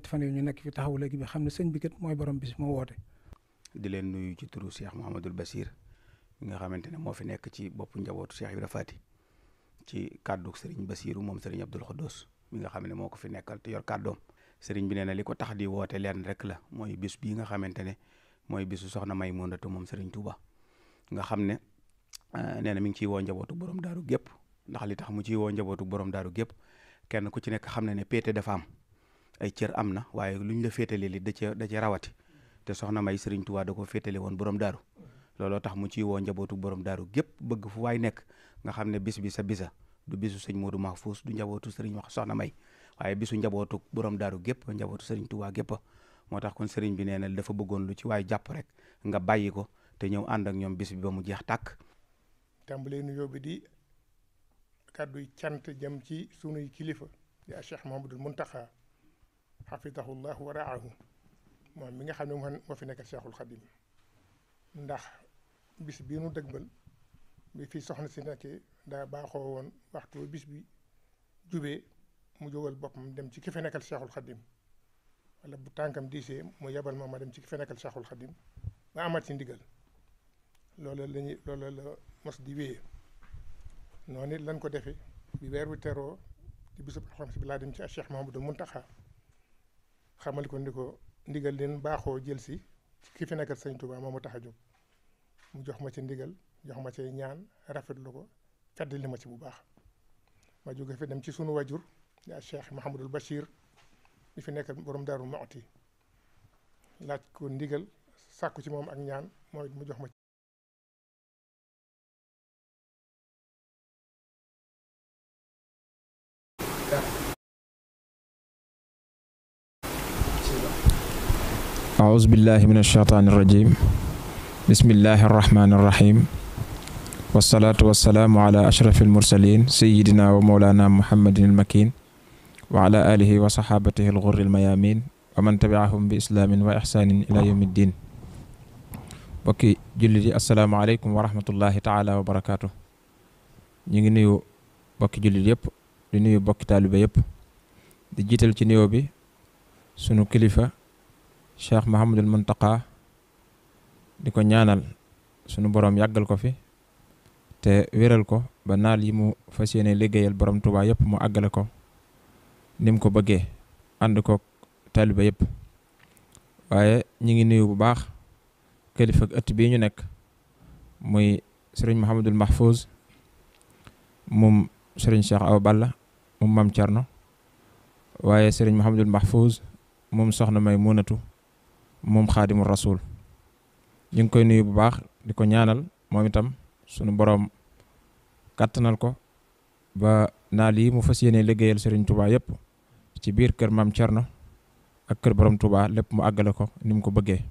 ñetti fan yii ñu nekk fi taxaw léegi bi xam ne sëñ bi kat mooy borom bis moo woote. di leen nuyu ci turu Cheikh Mouhamadul Basir mi nga xamante ne moo fi nekk ci boppu njabootu Cheikh Ibra Faty ci kàddu Serigne Basiru moom Serigne Abdoul Khodos mi nga xam ne moo ko fi nekkal te yor kàddoom. Serigne bi nee na li ko tax di woote leen rek la mooy bis bii nga xamante ne mooy bisu soxna May Mondatu moom Serigne Touba nga xam ne eh, nee na mi ngi ciy woo njabootu borom daaru gépp ndax li tax mu ciy woo njabootu borom daaru gépp kenn ku ci nekk xam na ne péete dafa am. ay cër am na waaye lu ñu la féetale li da ca da ca rawati te soxna may Serigne Touba da ko féetale woon borom daaru looloo tax mu ciy woo njabootu borom daaru gépp bëgg fu waay nekk nga xam ne bis bi sa bisa du bisu sëñ Modou Mahfous du njabootu Serigne wax soxna may waaye bisu njabootu borom gépp njabootu Serigne Touba gépp moo tax kon sëriñ bi nee na dafa bëggoon lu ci waaye jàpp rek nga bàyyi ko te ñëw ànd ak ñoom bis bi ba mu jeex tàkk. tàmbalee nuyoo bi di kàdduy cant jëm ci sunuy kilifa di Cheikh Mouhamadoul Mountakha xafidahu llahu wa raahu moom mi nga xam ne moo fi nekk seexul Xadim ndax bis bii nu dëgbal bi fii soxna si nekkee daa baaxoo woon waxtu bis bi jubee mu jógal boppam dem ci ki fi nekkal Cheikhul Xadim wala bu tànkam diisee mu yebal ma ma dem ci ki fi nekkal Cheikhul Xadim ma amaat ci ndigal loolu la ñuy loolu mos di wéyee noonu it ko defee bi weer wi teroo ci bisub alxames bi laa dem ci Cheikh Mahamadou Muntaxa xamal ko ni ko ndigal leen baaxoo jël si ki fi nekkal sëñ Touba moom ma tax a jóg mu jox ma ci ndigal jox ma ci ñaan rafetlu ko fedd li ma ci bu baax ma jóge fi dem ci sunu wajur yaa Cheikh Mahamadul Bachir li fi nekkal borom Daaru Muxti laaj ko ndigal sàkku ci moom ak ñaan mooy mu jox ma aus billahi min alsheytaani irrajim bismillahi arrahmaani irrahim wasalaatu wasalaamu ala ashrafi almursalin sayidina wa mawlana muhammadin almakin wa ala alihi wa saxaabatihi alxurri almayamin wa man tabiahum bi islaamin wa ixsaanin ila yawmi ddin mbokki jullit yi asalaamaaleykum wa rahmatullahi taala wa barakaatu ñu ngi nuyu bokki jullit yëpp di nuyu bokki taalibe yëpp di jiital ci nuyoo bi sunu kilifa cheikh Mahamadul Muntaqa di ko ñaanal sunu borom yàggal ko fi te wéral ko ba naal yi mu fas yéene liggéeyal borom Tuubaa yëpp mu àggale ko nim ko bëggee ànd ko taaliba yépp waaye ñi ngi nuyu bu baax kilifa ëtt bi ñu nekk muy sëriñ Mahamadul Mahfouz moom sëriñ cheikh Awa Balla moom maam Thierno waaye sëriñ Mahamadul Mahfouz moom soxna May Munatu moom xaadimu rasul ñu ngi koy nuyu bu baax di ko ñaanal moom itam sunu boroom kàttanal ko ba naa lii mu fas yéene liggéeyal Serigne Touba yëpp ci biir kër maam Thierno ak kër boroom Touba lépp mu àggale ko nim ko bëggee.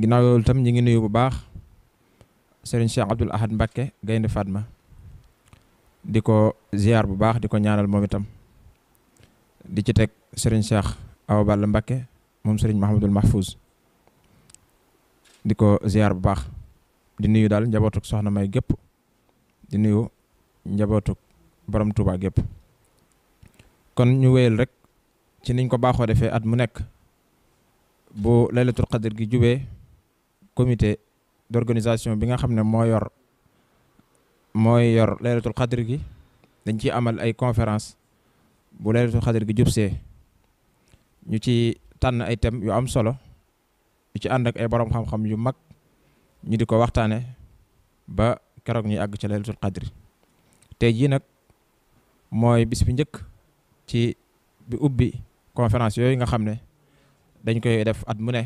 ginnaaw loolu itam ñu ngi nuyu bu baax sëriñ Cheikh Abdoul Ahad Mbacke Gaynde Fatma di ko ziar bu baax di ko ñaanal moom itam di ci teg Serigne Cheikh Awa Balla Mbacke moom sëriñ Mahamadul Mahfouz di ko ziar bu baax di nuyu daal njabootuk soxna May gépp di nuyu njabootuk borom Touba gépp kon ñu wéyal rek ci niñ ko baaxoo defee at mu nekk bu laylatul qadr gi jubee commité d'organisation bi nga xam ne moo yor moo yor laylatul qadr gi dañ ciy amal ay conférence bu laylatul qadr gi jubsee ñu ci tànn ay thèmes yu am solo yu ci ànd ak ay borom xam-xam yu mag ñu di ko waxtaane ba keroog ñuy àgg ci laylatul qadri tey jii nag mooy bis njëkk ci bi ubbi conférence yooyu nga xam ne dañ koy def at mu ne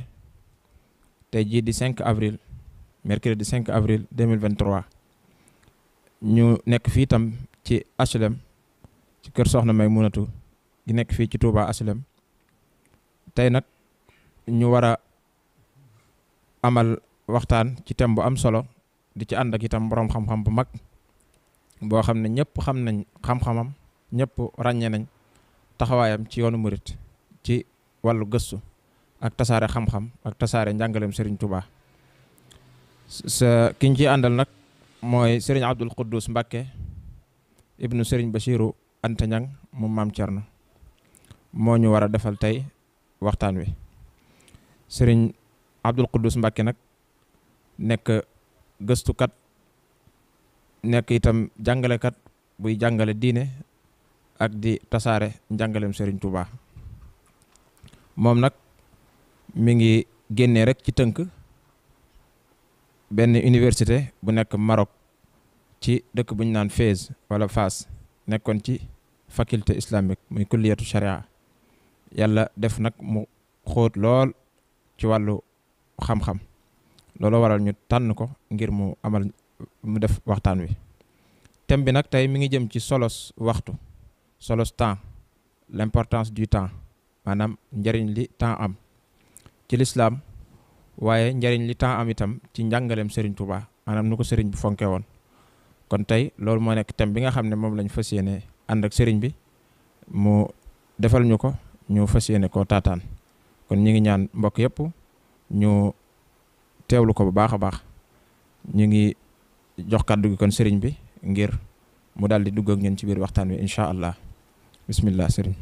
tey jii di 5 avril mercredi 5 avril 2023 ñu nekk fii tam ci HLM ci kër Soxna May Munatu gi nekk fii ci Touba HLM tey nag ñu war a amal waxtaan ci thème bu am solo di ci ànd ak itam boroom xam-xam bu mag boo xam ne ñëpp xam nañ xam-xamam ñëpp ràññee nañ taxawaayam ci yoonu murit ci wàllu gëstu ak tasaare xam-xam ak tasaare njàngaleem Serigne tubaa sa ki ñu ciy àndal nag mooy Serigne Abdul Quddus Mbacke ibnu Serigne Bachiru Anta Ñang moom maam Cerno moo ñu war a defal tey waxtaan wi sëriñ Abdul Quddus Mbàkke nag nekk gëstukat nekk itam jàngalekat buy jàngale diine ak di tasaare njàngaleem sëriñ Touba moom nag mi ngi génnee rekk ci tënk benn université bu nekk Maroc ci dëkk bu ñu naan Fès wala Fas nekkoon ci faculté islamique muy kulliyatu sharia yàlla def nag mu xóot lool ci wàllu xam-xam loolu waral ñu tànn ko ngir mu amal mu def waxtaan wi thème bi nag tey mi ngi jëm ci solos waxtu solos temps l'importance du temps maanaam njariñ li temps am ci lislaam waaye njariñ li temps am itam ci njàngaleem Serigne Touba maanaam nu ko Serigne bi fonke woon kon tey loolu moo nekk thème bi nga xam ne moom lañ fas yéene ànd ak Serigne bi mu defal ñu ko ñu fas yéene koo taataan kon ñu ngi ñaan mbokk yëpp ñu teewlu ko bu baax a baax ñu ngi jox kàddu gi kon sëriñ bi ngir mu daal di dugg ak ñun ci biir waxtaan wi incha allah bismillah sëriñ.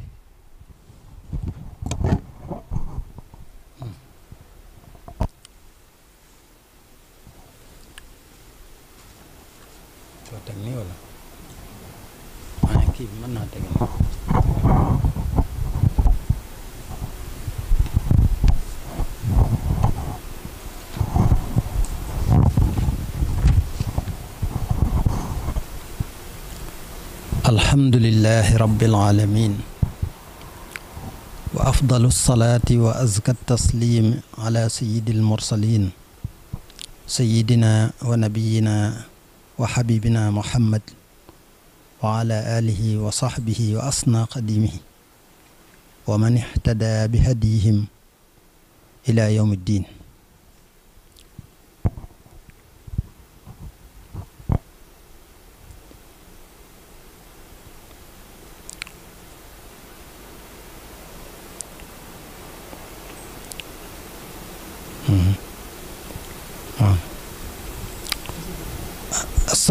teg alhamdulillahi rabbil aalamiin wa afdalu salaati wa azka tasliim ala sayyidil mursaliin sayyidina wa nabiyina wa xabibina muhammad wa ala aalihi wa saxbihi wa asna qadimihi wa man ixtada bi hadiyihim ila yawmi ddiin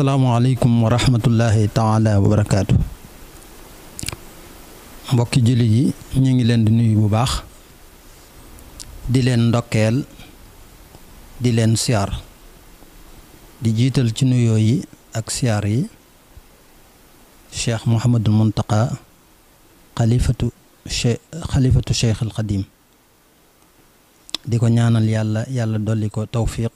asalaamaaleykum wa rahmatullahi taala wa barakaatu mbokki jullit yi ñu ngi leen di nuyu bu baax di leen ndokkeel di leen siyaar di jiital ci nuyoo yi ak siyaar yi cheikh Mouhamadul Muntaqa xalifatu che xalifatu di ko ñaanal yàlla yàlla dolli ko tawfiq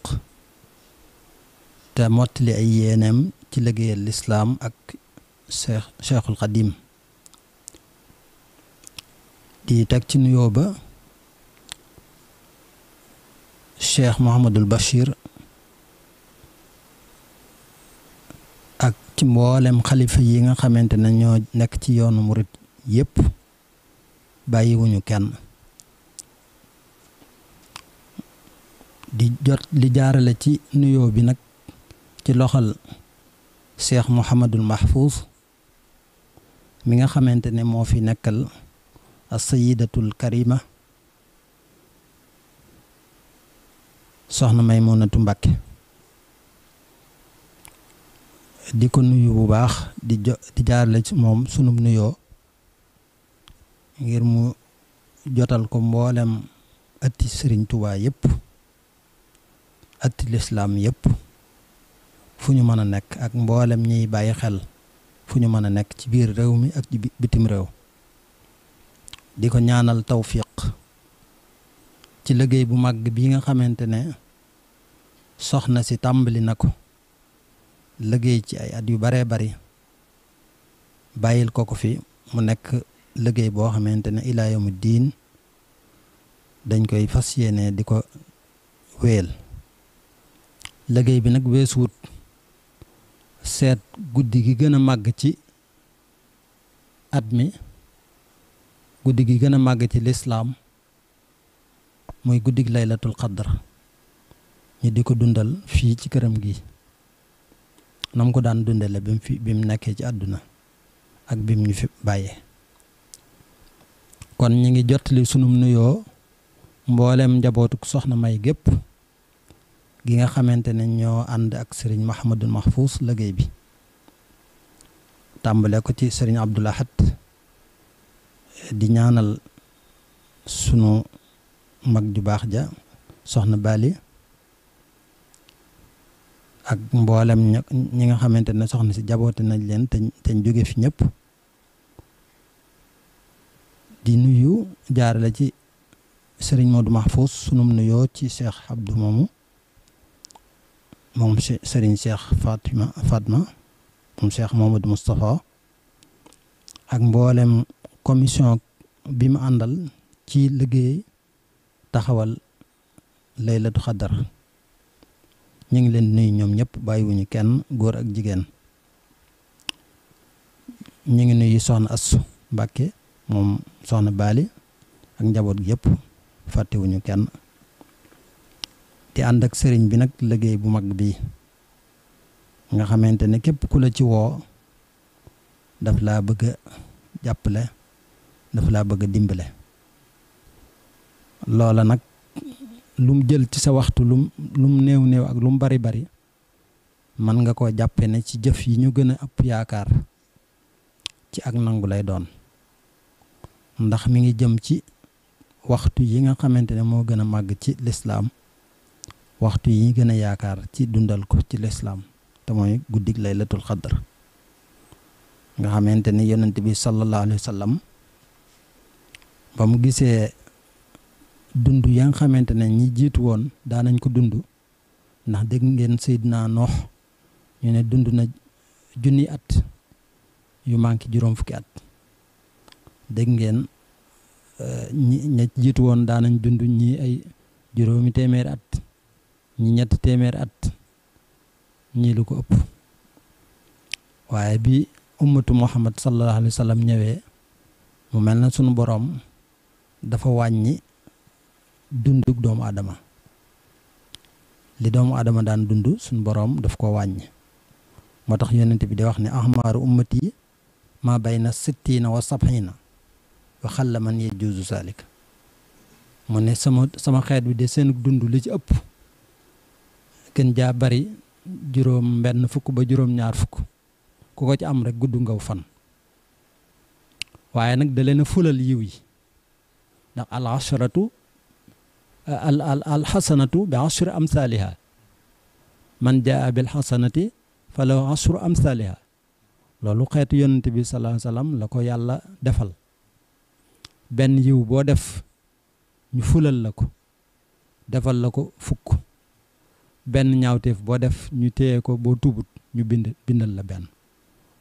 te mottali ay yéeneem ci liggéeyal lislaam ak cheikh cheikhul xadim di teg ci nuyoo ba cheikh Mouhamadul Bachir ak ci mboolem xalifa yi nga xamante ne ñoo nekk ci yoonu murit yépp bàyyiwuñu kenn di jot li jaarale ci nuyoo bi nag ci loxol cheikh Mouhamadul Mahfouz mi nga xamante ne moo fi nekkal as-sayyidatul karima soxna Maymunatu Mbàkke di ko nuyu bu baax di jo di jaarale ci moom sunub nuyoo ngir mu jotal ko mboolem atti Sëriñ Tuubaa yëpp atti lislaam yëpp fu ñu mën a nekk ak mboolem ñiy bàyyi xel fu ñu mën a nekk ci biir réew mi ak ci bitim réew di ko ñaanal tawfiq ci liggéey bu màgg bii nga xamante ne soxna si tàmbali na ko liggéey ci ay at yu baree bari bàyyil ko ko fi mu nekk liggéey boo xamante ne ilaa yawmi diin dañ koy fas yéene di ko wéel liggéey bi nag weesuwut seet guddi gi gën a màgg ci at mi guddi gi gën a màgg ci lislaam mooy guddig laylatul qadr ñu di ko dundal fii ci këram gi nam ko daan dundale bi mu fi bi mu nekkee ci àdduna ak bim ñu fi bàyyee kon ñu ngi jottali sunum nuyoo mbooleem njabootuk soxna may gépp gi nga xamante ne ñoo ànd ak sëriñ Mahamadul Mahfous liggéey bi tàmbale ko ci sëriñ Abdul Ahad di ñaanal sunu mag ju baax ja soxna Bali ak mboolem ñi nga xamante ne soxna si jaboote nañ leen te te jóge fi ñëpp di nuyu jaarale ci sëriñ Modou Mahfous sunum nuyoo ci Cheikh Abdou moomu moom Serigne Cheikh Fatima Fatma moom Cheikh Mouhamadou Moustapha ak mboolem commission bi mu àndal ci liggéey taxawal du xadar ñu ngi leen nuy ñoom ñëpp bàyyiwuñu kenn góor ak jigéen ñu ngi nuyu soxna Assu Mbàkke moom soxna Baali ak njaboot gi yëpp fàttewuñu kenn. te ànd ak sëriñ bi nag liggéey bu mag bii nga xamante ne képp ku la ci woo daf laa bëgg a jàppale daf laa bëgg a dimbale loola nag lum jël ci sa waxtu lum lum néew néew ak lum bari bari mën nga ko jàppe ne ci jëf yi ñu gën a ëpp yaakaar ci ak nangu lay doon ndax mi ngi jëm ci waxtu yi nga xamante ne moo gën a màgg ci lislaam waxtu yi gën a yaakaar ci dundal ko ci lislaam te mooy guddik laylatul xadr nga xamante ni yonent bi sallallahu alayhi ba mu gisee dund yaa nga xamante ne ñi jiitu woon daanañ ko dund ndax dégg ngeen Seydina Noox ñu ne dund na junni at yu manqué juróom fukki at dégg ngeen euh, ñi ña jiitu woon daanañ dund ñi ay juróomi téeméeri at ñi ñetti téeméeri at ñii lu ko ëpp waaye bi ummatu muhammad sallallahu alayhi wa sallam mu mel na sunu boroom dafa wàññi dunduk doomu adama li doomu aadama daan dund suñu boroom daf ko wàññi moo tax yonent bi di wax ne ahmaaru ummati ma bayna sittiina wa sabxiina wa xalla man yajuuzu salik mu ne sama sama xeet bi de seen dund li ci ëpp gën jaa bari juróom benn fukk ba juróom ñaar fukk ku ko ci am rek gudd ngaw fan waaye nag da leen a fulal yiw yi ndax al asharatu al al al xasanatu bi ashri amsaaliha man jaa bil xasanati fa lahu ashru amsaaliha loolu xeetu yonent bi sallallahu alayhi la ko yàlla defal benn yiw boo def ñu fulal la ko defal la ko fukk benn ñaawteef boo def ñu téye ko boo tuubut ñu bind bindal la benn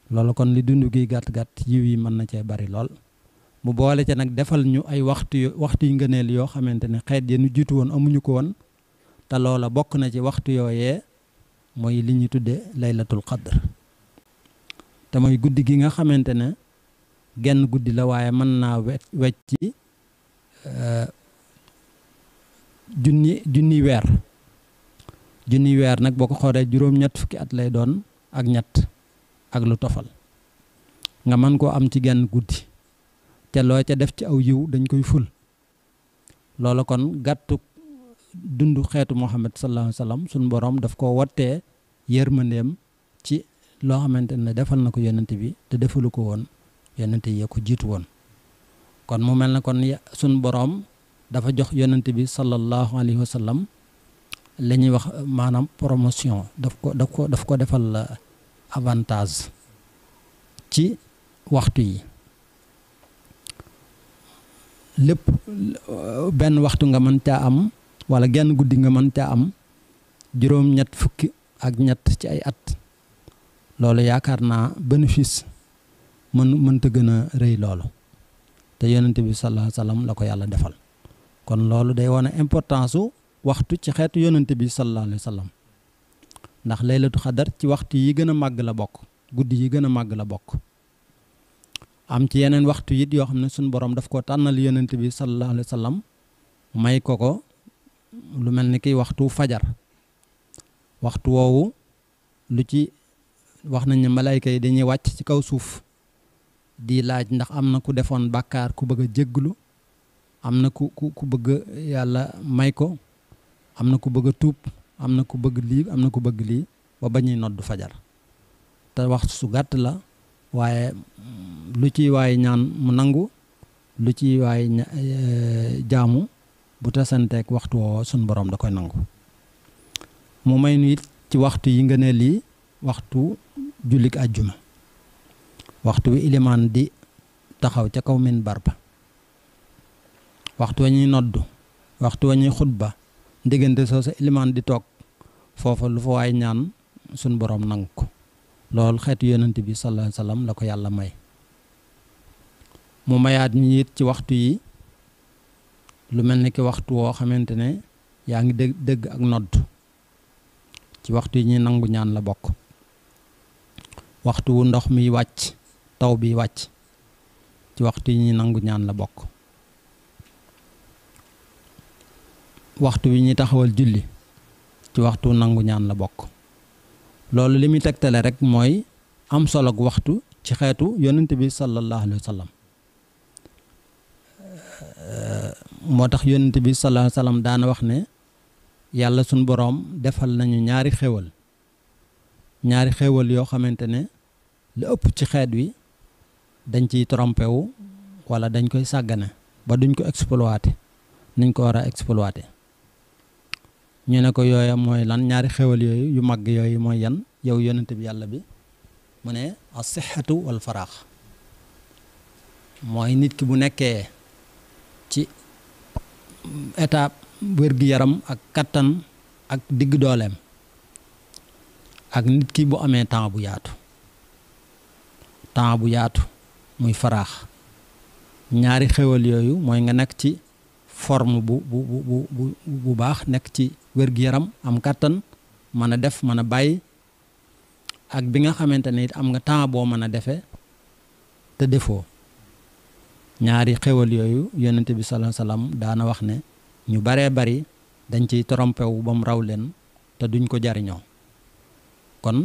loolu kon li dund gi gàtt-gàtt yiw yi mën na cee bari lool mu boole ca nag defal ñu ay waxtu waxtu yu ngëneel yoo xamante ne xeet ya ñu jiitu woon amuñu ko woon te loola bokk na ci waxtu yooyee mooy li ñu tuddee laylatul qadr te mooy guddi gi nga xamante ne genn guddi la waaye mën naa wecc ci euh, junni junni weer junniy weer nag boo ko xoolee juróom-ñett fukki at lay doon ak ñett ak lu tofal nga mën koo am ci genn guddi te loo ca def ci aw yiw dañ koy ful loola kon gàttu dundu xeetu Muhammad sallallahu alayhi wa sallam sunu borom daf koo wattee yërmandeem ci loo xamante ne defal na ko yonent bi te defalu ko woon yonent yee jiitu woon kon mu mel na kon sunu borom dafa jox yonent bi sallallahu alayhi wa sallam la ñuy wax euh, maanaam promotion daf ko daf ko daf ko defal euh, avantage ci waxtu yi lépp euh, benn waxtu nga mën caa am wala genn guddi nga mën caa am juróom-ñett fukki ak ñett ci ay at loolu yaakaar naa bénéfice mën mënta gën a rëy loolu te yonent bi sallallahu alayhi wa la ko yàlla defal kon loolu day wane importance waxtu ci xeetu yonante bi sallallahu alayhi ndax laylatu xadar ci waxtu yi gën a màgg la bokk guddi yi gën a màgg la bokk am ci yeneen waxtu it yoo xam ne suñu borom daf ko tànnal yonent bi sallallahu alayhi sallam may ko ko lu mel ni kiy waxtu fajar waxtu woowu lu ci wax nañ ne malayka yi dañuy wàcc ci kaw suuf di laaj ndax am na ku defoon bàkkaar ku bëgg a jégglu am na ku ku ku bëgg yàlla may ko am na ku bëgg a tuub am na ku bëgg lii am na ku bëgg lii ba bañuy nodd fajar te waxtu su gàtt la waaye mm, lu ci waay ñaan mu nangu lu ci waay eh, jaamu bu tasanteeg waxtu woo suñ boroom da koy nangu mu may nu it ci waxtu yi nga ne lii waxtu jullik àjjuma waxtu wi ilimaan di taxaw ca kaw min barba waxtu wa ñuy nodd waxtu wa ñuy xutba diggante soo sa ilimaan di toog foofa lu fa waay ñaan suñ boroom nangu ko loolu xeetu yonent bi sallallahu alayhi la ko yàlla may mu mayaat ñi it ci waxtu yi lu mel ni ki waxtu woo xamante ne yaa ngi dégg dégg ak nodd ci waxtu yi ñuy nangu ñaan la bokk waxtu wu ndox mi wàcc taw bi wàcc ci waxtu yi ñuy nangu ñaan la bokk waxtu wi ñuy taxawal julli ci waxtu nangu ñaan la bokk loolu li muy tegtale rek mooy am solo waxtu ci xeetu yonent bi sallallahu alayhi sallam moo tax yonent bi sallallahu alayhi wa daana wax ne yàlla sunu boroom defal nañu ñaari xéwal ñaari xéwal yoo xamante ne lu ëpp ci xeet wi dañ ciy trompé wu wala dañ koy sàggane ba duñ ko exploité niñ ko war a exploité ñu ne ko yooya mooy lan ñaari xewal yooyu yu mag yooyu mooy yan yow yonent bi yàlla bi mu ne asixatu wal faraax mooy nit ki bu nekkee ci état wér-gi-yaram ak kattan ak digg dooleem ak nit ki bu amee temps bu yaatu temps bu yaatu muy faraax ñaari xewal yooyu mooy nga nekk ci forme bu bu bu bu baax nekk ci wér-gu-yaram am kàttan mën a def mën a bàyyi ak bi nga xamante ni am nga temps boo mën a defee te defoo ñaari xéwal yooyu yonent bi sallallahu alayhi daana wax ne ñu baree bari dañ ciy trompé wu ba mu raw leen te duñ ko jariñoo kon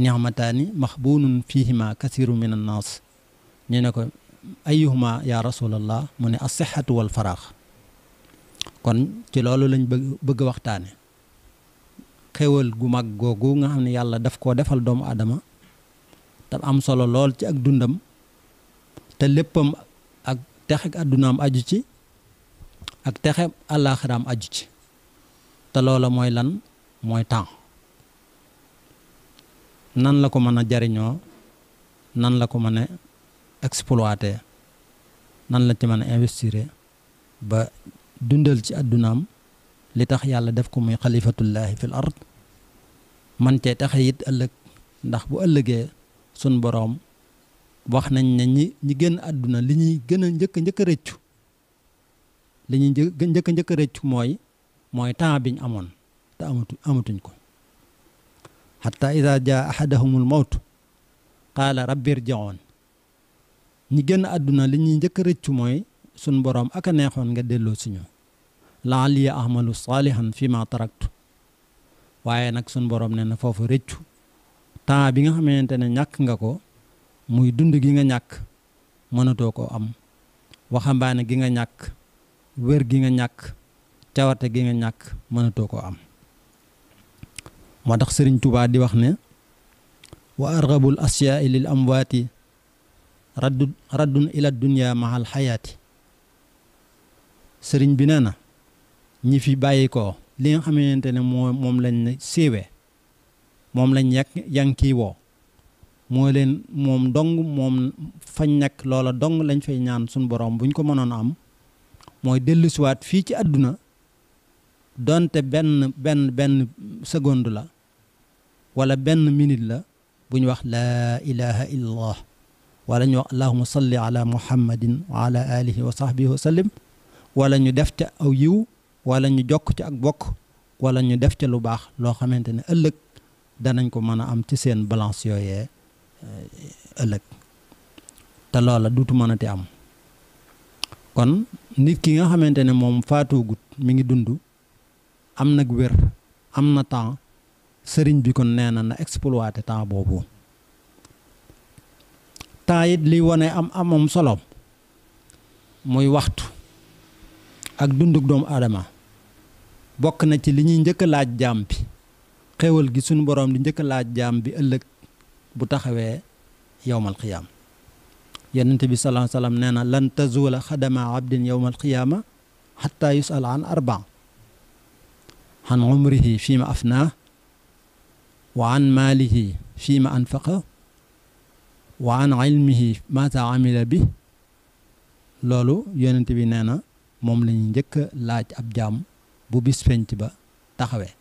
ni'mataani maxbuunun fiihima kasiru min an naas ñu ne ko ayyuhuma ya rasulallah mu ne as-sihhatu wal faraax kon ci loolu lañ bëgg bëgg waxtaane xéwal gu mag googu nga xam ne yàlla daf koo defal doomu aadama te am solo lool ci ak dundam te léppam ak texe ak àddunaam aju ci ak texe àllaaxiraam aju ci te loola mooy lan mooy temps nan la ko mën a jariñoo nan la ko mën a exploiter nan la ci mën a investir ba dundal ci àddunaam li tax yàlla def ko muy xalifatullaahi fil ard man cee taxe yit ëllëg ndax bu ëllëgee sun boroom wax nañ ne ñi ñi génn àdduna li ñuy gën a njëkk njëkk a rëccu li ñuy njëkk njëkk rëccu mooy mooy temps biñ amoon te amatu amatuñ ko xatta ida jaa ahadahumul mawtu qaala rabbir jaoon ñi génn àdduna li ñuy njëkk a rëccu mooy sun boroom ak a neexoon nga delloo si ñu laali ahmalu saalihan fi ma taraktu waaye nag sun borom ne na foofu rëccu temps bi nga xamante ne ñàkk nga ko muy dund gi nga ñàkk mënatoo ko am waxambaane gi nga ñàkk wér gi nga ñàkk cawarte gi nga ñàkk mënatoo ko am moo tax sëriñ tubaa di wax ne wa argabul asyaai lil amwaati raddun raddun ila dunya mahal xayaati sëriñ bi nee na ñi fi bàyyi ko li nga xamante ne moo moom lañ siiwee moom lañ yàq yanki woo moo leen moom dong moom fañ nekk loola dong lañ fay ñaan suñu borom buñ ko mënoon am mooy dellusiwaat fii ci àdduna donte benn benn benn seconde la wala benn minit la bu ñu wax laa ilaha illallah wala ñu wax allahuma salli ala muhammadin wa alihi wa sahbihi wa sallim wala ñu def ca aw yiw wala ñu jokk ci ak bokk wala ñu def ci lu baax loo xamante ne ëllëg danañ ko mën a am ci seen balance yooyee euh, ëllëg te loola duutu mënati am kon nit ki nga xamante ne moom faatoogut mi ngi dund am nag wér am na temps sëriñ bi kon nee na na exploité temps boobu temps it liy wane am amam solo muy waxtu ak dunduk doomu aadama bokk na ci li ñuy njëkk a laaj jaam bi xéwal gi suñu boroom di njëkk a laaj jaam bi ëllëg bu taxawee yowmal xiyaama yonent bi sallallahu alayhi wa sallam nee na lan tazuula xadama abdin yowmal xiyaama xatta yusal an arbaa an umrihi fii afnaa wa an maalihi fii ma anfaqa wa an ilmihi maata amila bi loolu yonent bi nee na moom la njëkk a laaj ab jaam bu bis penc ba taxawee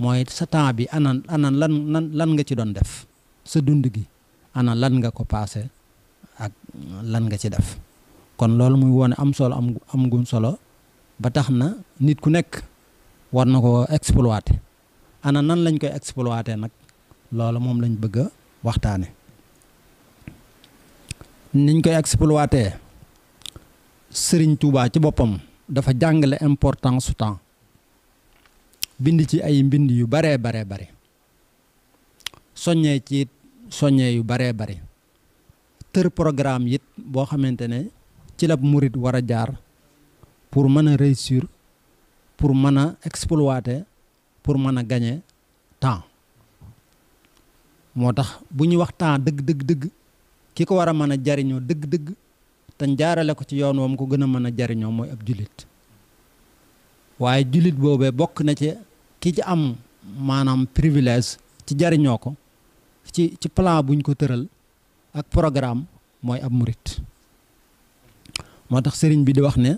mooy sa temps bi anan anan lan lan lan nga ci doon def sa dund gi anan lan nga ko paase ak lan nga ci def kon loolu muy wone am solo am am solo ba tax na nit ku nekk war na ko exploiter ana nan lañ koy exploiter nag loolu moom lañ bëgg a waxtaane niñ koy exploiter Sëriñ Tuubaa ci boppam dafa jàngale importance su temps bind ci ay mbind yu baree baree bare soññee ci it soññee yu baree bare tër programme yit boo xamante ne ci la murit war a jaar pour mën a réussir pour mën a exploiter pour mën a gagner temps moo tax bu ñu wax temps dëgg dëgg dëgg ki ko war a mën a jariñoo dëgg dëgg te jaarale ko ci yoon woom ko gën a mën a jariñoo mooy ab jullit waaye jullit boobee bokk na ci ki ci am maanaam privilège ci jariñoo ko ci ci plan buñ ko tëral ak programme mooy ab murit moo tax sëriñ bi di wax ne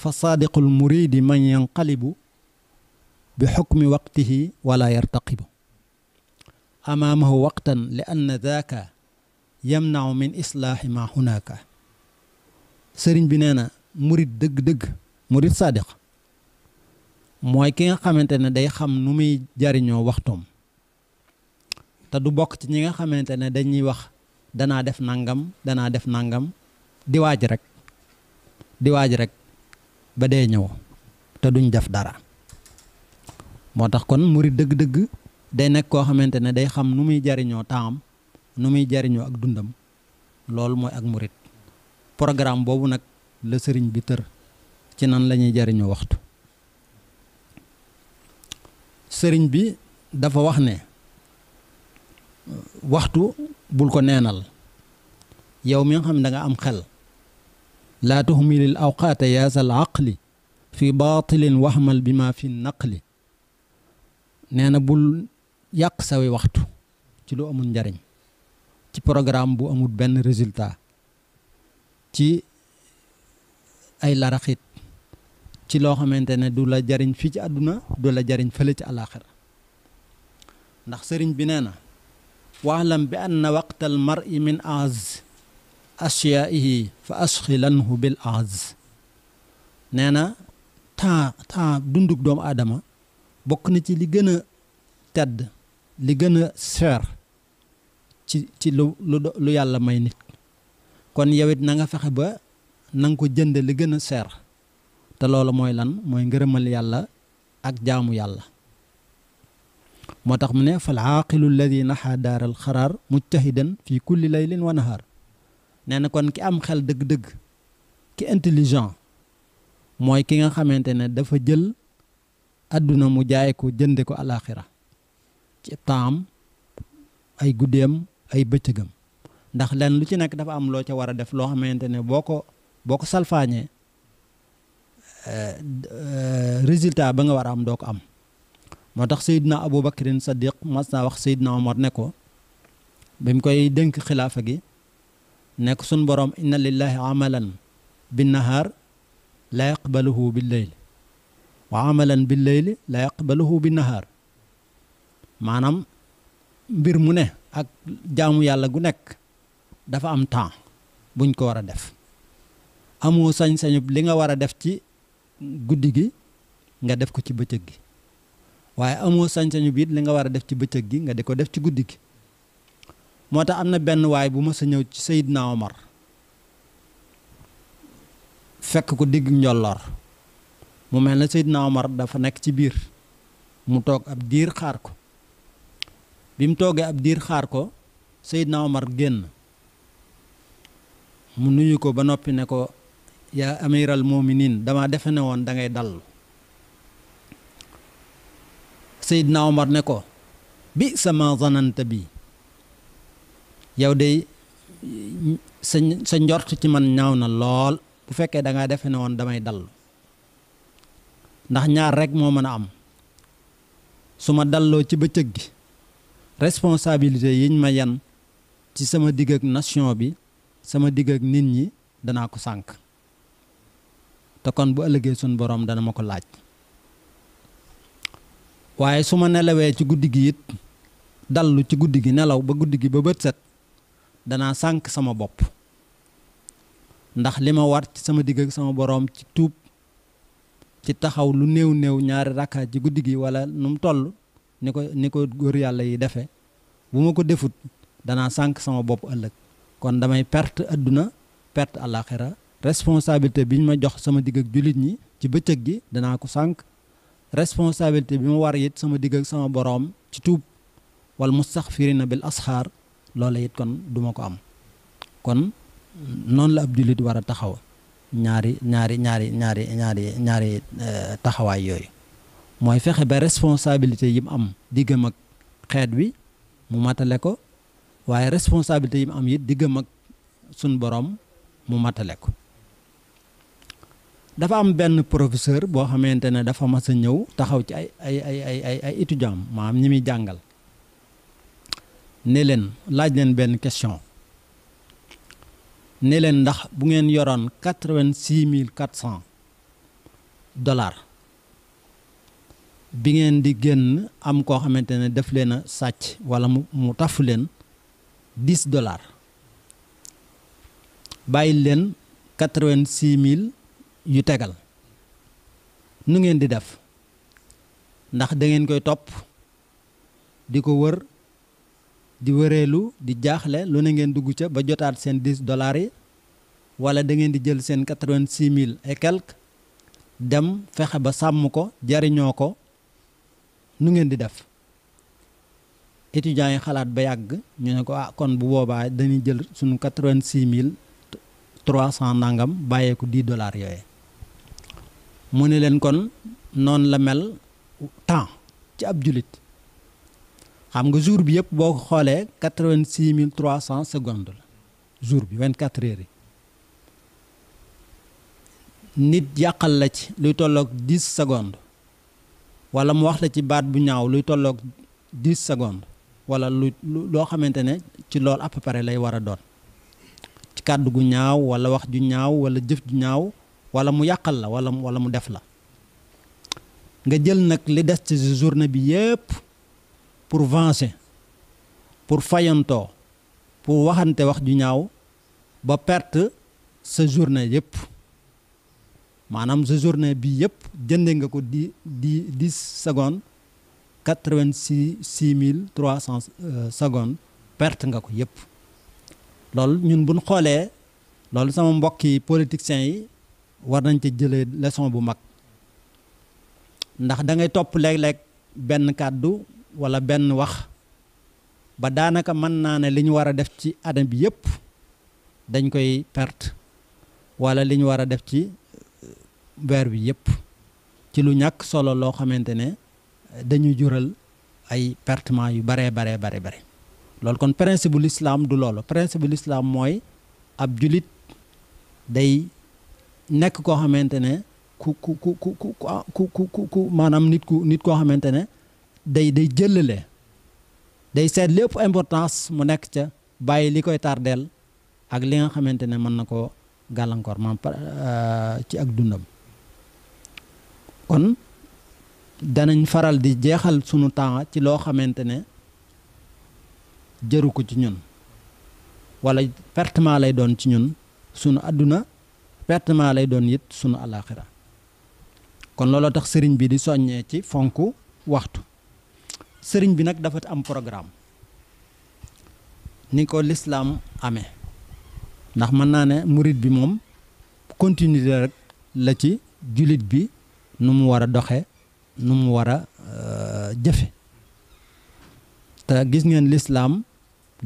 fa saadiqul muridi man yanqalibu bi xukmi waqtihi wala yartaqibu amaamahu waqtan li anna daaka yamnaw min islaahi ma hunaaka sëriñ bi nee na murit dëgg-dëgg murit saadiq mooy ki nga xamante ne day xam nu muy jariñoo waxtoom te du bokk ci ñi nga xamante ne dañuy wax danaa def nangam danaa def nangam di waaj rek di waaj rek ba dee ñëw te duñ def dara moo tax kon murid dëgg-dëgg day nekk koo xamante ne day xam nu muy jariñoo taam nu muy jariñoo ak dundam loolu mooy ak murid programme boobu nag la sëriñ bi tër ci nan la ñuy jariñoo waxtu sëriñ bi dafa wax ne waxtu bul ko neenal yow mi nga xam ne da am xel laa tuhmilil awqaata yaasal aqli fi baatilin waxmal bi ma fi naqli nee na bul yàq sawi waxtu ci lu amul njariñ ci programme bu amul benn résultat ci ay laraxit ci loo xamante ne du la jariñ fii ci àdduna du la jariñ fële ci àllaaxira ndax sëriñ bi nee na waalam bi anna waqtal mar'i min az ashyaihi fa asxilanhu bil az nee na temps temps dundug doomu aadama bokk na ci li gën a tedd li gën a seer ci ci lu lu yàlla may nit kon yow it na nga fexe ba nanga ko jënd li gën a seer te loolu mooy lan mooy ngërëmal yàlla ak jaamu yàlla moo tax mu ne fal aaqilu alladi naxaa daaral xaraar mujtahidan fii kulli laylin wa nahaar nee na kon ki am xel dëgg-dëgg ki intelligent mooy ki nga xamante ne dafa jël àdduna mu jaay ko jënde ko alaaxira ci taam ay guddeem ay bëccëgam ndax lenn lu ci nekk dafa am loo ci war a def loo xamante ne boo ko boo ko salfaañee Euh, résultat ba nga war a am doo ko am moo tax Seydina Aboubacarin Saddiq mas naa wax Seydina Omar ne ko bi mu koy dénk xilaafa gi nekk suñ borom inna lillahi amalan binnahaar la yaqbaluhu billayl wa amalan maanaam mbir mu ne ak jaamu yàlla gu nekk dafa am temps buñ ko war a def amoo sañ-sañub li nga war a def ci guddi gi nga def ko ci bëccëg gi waaye amoo sañ-sañu biit li nga war a def ci bëccëg gi nga di ko def ci guddi gi moo tax am na benn waay bu ma sa ñëw ci Seydina Omar fekk ko digg njolloor mu mel na Seydina Omar dafa nekk ci biir mu toog ab diir xaar ko bi mu toogee ab diir xaar ko Seydina Omar génn mu nuyu ko ba noppi ne ko yaa amiral muminin damaa defe ne woon dangay ngay dal Seydina Omar ne ko bi sama zanante bi yow de sa sa njort ci man ñaaw na lool bu fekkee da ngaa defe ne woon damay dallu ndax ñaar rek moo mën a am su ma dalloo ci bëccëg gi responsabilité yiñ ma yan ci sama digg ak nation bi sama digg ak nit ñi danaa ko sànk te kon bu ëllëgee suñ boroom dana ma ko laaj waaye su ma nelawee ci guddi gi it dallu ci guddi gi nelaw ba guddi gi ba bët set danaa sànk sama bopp ndax li ma war ci sama digg sama boroom ci tuub ci taxaw lu néew néew ñaari rakkaat ci guddi gi wala nu mu toll ni ko ni ko góor yàlla yi defe bu ma ko defut danaa sànk sama bopp ëllëg kon damay perte àdduna perte àllaaxira responsabilité bi ñu ma jox sama digg ak jullit ñi ci bëccëg gi danaa ko sànq responsabilité bi ma war it sama digg ak sama boroom ci tuub wal mustaxfirina bil asxaar loola it kon duma ko am kon noonu la ab jullit war a taxaw ñaari ñaari ñaari ñaari ñaari ñaari eh, taxawaay yooyu mooy fexe ba responsabilité yi mu am diggam ak xeet wi mu matale ko waaye responsabilité yi mu am it diggam ak sun boroom mu matale ko dafa am benn professeur boo xamante ne dafa mas a ñëw taxaw ci ay ay ay ay ay ay étudiant maanaam ñi muy jàngal ne leen laaj leen benn question ne leen ndax bu ngeen yoroon quatre-vingt-six mille quatre cent dollars bi ngeen di génn am koo xamante ne def leen a sàcc walla mu mu tafu leen dix dollars bàyyi leen quatre-vingt-six mille yu tegal nu ngeen di def ndax dangeen koy topp di ko wër di wëreelu di jaaxle lu na ngeen dugg ca ba jotaat seen diis dollars yi wala da ngeen di jël seen quatre-vingt-six mille et quelque dem fexe ba sàmm ko jariñoo ko nu ngeen di def étudiants yi xalaat ba yàgg ñu ne ko ah kon bu boobaa dañuy jël suñu quatre-vingt-six mille trois cent nangam bàyyeeku dix dollars yooyu mu ne leen kon noonu la mel temps ci ab jullit xam nga jour bi yëpp boo xoolee quatre-vingt-six mille trois cent secondes la jour bi vingt-quatre heures yi nit yàqal la ci luy tolloog dix secondes wala mu wax la ci baat bu ñaaw luy tolloog dix secondes wala lu loo xamante ne ci loolu à peu lay war a doon ci kàddu gu ñaaw wala wax ju ñaaw wala jëf ju ñaaw wala mu yàqal la wala wala mu def la nga jël nag li des ci journée bi yépp pour venger pour fayantoo pour waxante wax ju ñaaw ba perte sa journée yépp maanaam sa bi yépp jënde nga ko di di dix secondes quatre-vingt-six six mille trois cent euh, secondes perte nga ko yépp loolu ñun buñ xoolee loolu sama mbokki politiciens yi war nañ ci jële leçon bu mag ndax dangay topp léeg benn kàddu walla benn wax ba daanaka mën naa ne li ñu war a def ci adam bi yépp dañ koy perte walla li ñu war a def ci euh, weer bi yépp ci lu ñàkk solo loo xamante ne dañu jural ay pertement yu baree baree bare bare loolu kon principe bu du loolu principe bu mooy ab julit day nekk koo xamante ne ku ku ku ku ku ku ku ku maanaam nit ku nit koo xamante ne day day jëlale day seet lépp importance mu nekk ca bàyyi li koy tardeel ak li nga xamante ne mën na ko gàllankoor maam ci ak dundam kon danañ faral di jeexal sunu temps ci loo xamante ne jëru ko ci ñun wala pertement lay doon ci ñun sunu àdduna pertement lay doon it sunu àllaaxira kon looloo tax sëriñ bi di soññee ci fonk waxtu sëriñ bi nag dafa am programme ni ko lislaam amee ndax mën naa ne murit bi moom continuer rek la ci jullit bi nu mu war a doxe nu mu war a euh, jëfe te gis ngeen lislaam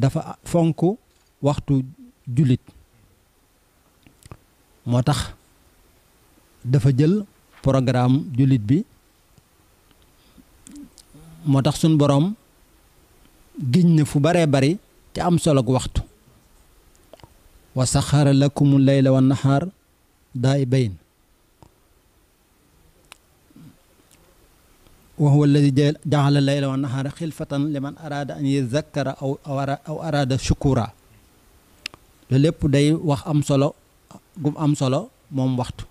dafa fonk waxtu jullit moo tax dafa jël programme jullit bi moo tax suñ boroom giñ na fu baree bari te am solo waxtu wa saxara lakumu layla nahaar daay bayin wax huwa alladi jaxala layla wa nahaara xilfatan liman araada an yezakkara aw aw araada shukura loolu lépp day wax am solo gum am solo moom waxtu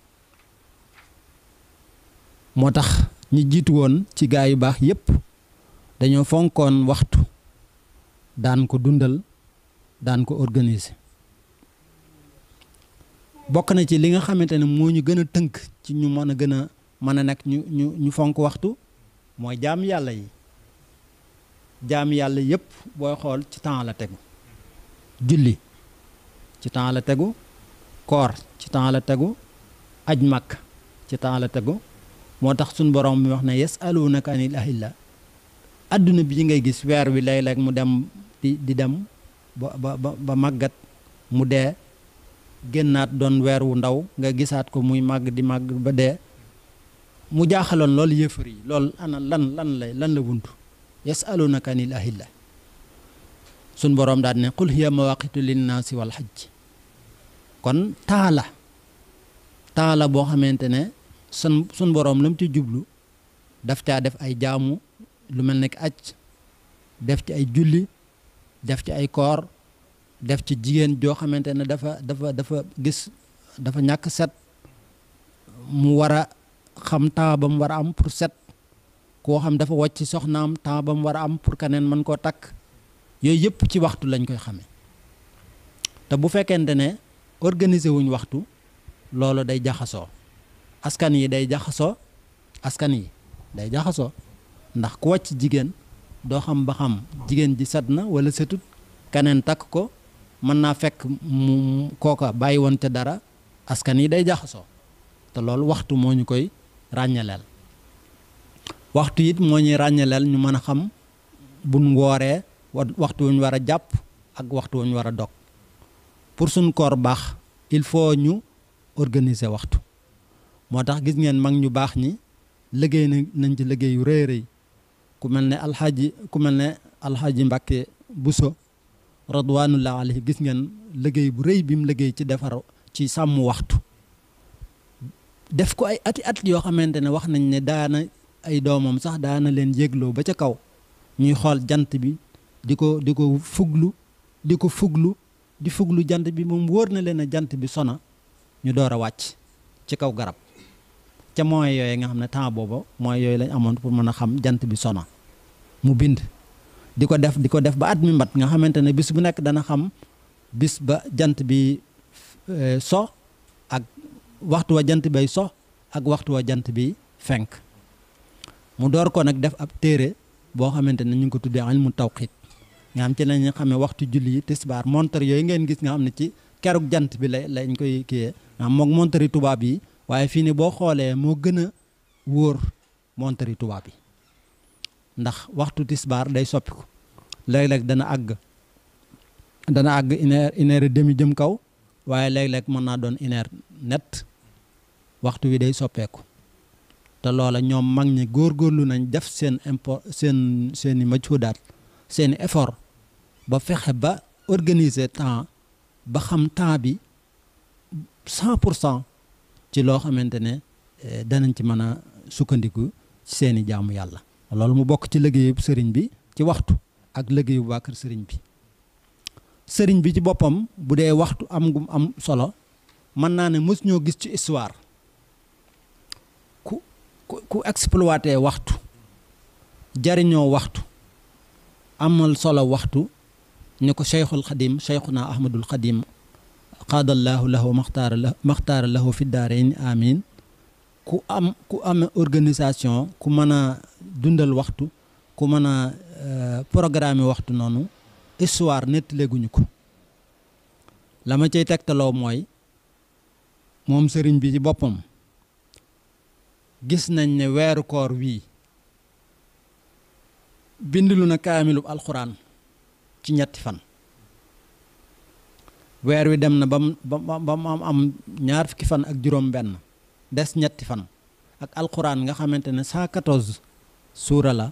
moo tax ñi jiitu woon ci gaa yu baax yépp dañoo fonkoon waxtu daan ko dundal daan ko organiser bokk na ci li nga xamante ne moo ñu gën a tënk ci ñu mën a gën a mën a nag ñu ñu ñu fonk waxtu mooy jaam yàlla yi jaam yàlla yépp booy xool ci temps la tegu julli ci temps la tegu koor ci temps la tegu aj makk ci temps la tegu moo tax suñ borom mi wax ne yasalunaka anil la àdduna bi ngay gis weer wi léeg-léeg mu dem di dem ba ba ba màggat mu dee génnaat doon weer wu ndaw nga gisaat ko muy màgg di màgg ba dee mu jaaxaloon loolu yëfër yi loolu ana lan lan lay yes la wuntu yasalunaka anil ahilla suñ boroom daal ne qul hiya mawaqitu linnaasi wal hajj kon taala taala boo xamante ne sun sun boroom lu mu ci jublu daf caa def ay jaamu lu mel ne aj def ci ay julli def ci ay koor def ci jigéen joo xamante ne dafa dafa dafa gis dafa ñàkk set mu war a xam temps ba mu war a am pour set koo xam dafa wàcc soxnaam temps ba mu war a am pour keneen mën koo takk yooyu yëpp ci waxtu lañ koy xamee te bu fekkente ne organiser wuñ waxtu loolu day jaxasoo askan yi day jaxasoo askan yi day jaxasoo ndax ku wàcc jigéen doo xam ba xam jigéen ji set na wala setut keneen takk ko mën naa fekk mu kooka bàyyi woon te dara askan yi day jaxasoo te loolu waxtu moo ñu koy ràññaleel waxtu it moo ñuy ràññaleel ñu mën a xam buñ wooree waxtu wuñ war a jàpp ak waxtu wuñ war a dog pour suñ koor baax il faut ñu organiser waxtu moo tax gis ngeen mag ñu baax ñi liggéey na nañ ci liggéey yu rëy ku mel ne ku mel ne alxaaji Mbàkke Buso radwaanullah alayhi gis ngeen liggéey bu rëy bi mu liggéey ci defar ci sàmm waxtu def ko ay ati at yoo xamante ne wax nañ ne daana ay doomam sax daana leen yégloo ba ca kaw ñuy xool jant bi di ko di ko fuglu di ko fuglu di fuglu jant bi moom wóor na leen a jant bi sona ñu door a wàcc ci kaw garab ca mooy yooyu nga xam ne temps boobu mooy yooyu lañ amoon pour mën a xam jant bi sona mu bind di ko def di ko def ba at mi mbat nga xamante ne bis bu nekk dana xam bis ba jant bi eh, so ak waxtu wa jant bay so ak waxtu wa jant bi fenk mu door ko nag def ab téere boo xamante ne ñu ngi ko tuddee al mu tawxiit nga xam ci lañu xamee waxtu julli yi tisbaar montre yooyu ngeen gis nga xam ne ci keruk jant bi la lañ koy kiyee nga xam mook montre tubaab yi waaye fii ni boo xoolee moo gën a wóor montari tubaab yi ndax waxtu tisbaar day soppiku léeg-léeg dana àgg dana àgg une heure une demi jëm kaw waaye léeg-léeg mën naa doon une heure net waxtu wi day soppeeku te loola ñoom mag ñi góor góorlu nañ def seen impor seen seen i majhudaat seen effort ba fexe ba organiser temps ba xam temps bi cent pour cent ci loo xamante ne eh, danañ ci mën a sukkandiku ci seen i jaamu yàlla loolu mu bokk ci liggéeyu sëriñ bi ci waxtu ak liggéeyu waa kër sëriñ bi sëriñ bi ci boppam bu dee waxtu am gum am solo mën naa ne mës ñoo gis ci histoire ku ku ku exploité waxtu jariñoo waxtu amal solo waxtu ni ko cheikhul xadim cheikhuna ahmadul xadim qaadallaahu lahu maxtaara la maxtaara lahu fi daarayn amin ku am ku am organisation ku mën a dundal waxtu ku mën a euh, programme waxtu noonu histoire nettaleguñu ko la ma cay tegtaloo mooy moom sëriñ bi ci boppam gis nañ ne weeru koor wii bindilu na kaamilu alxuraan ci ñetti fan weer wi dem na ba mu ba mu am am ñaar fukki fan ak juróom benn des ñetti fan ak alxuraan nga xamante ne 114 suura la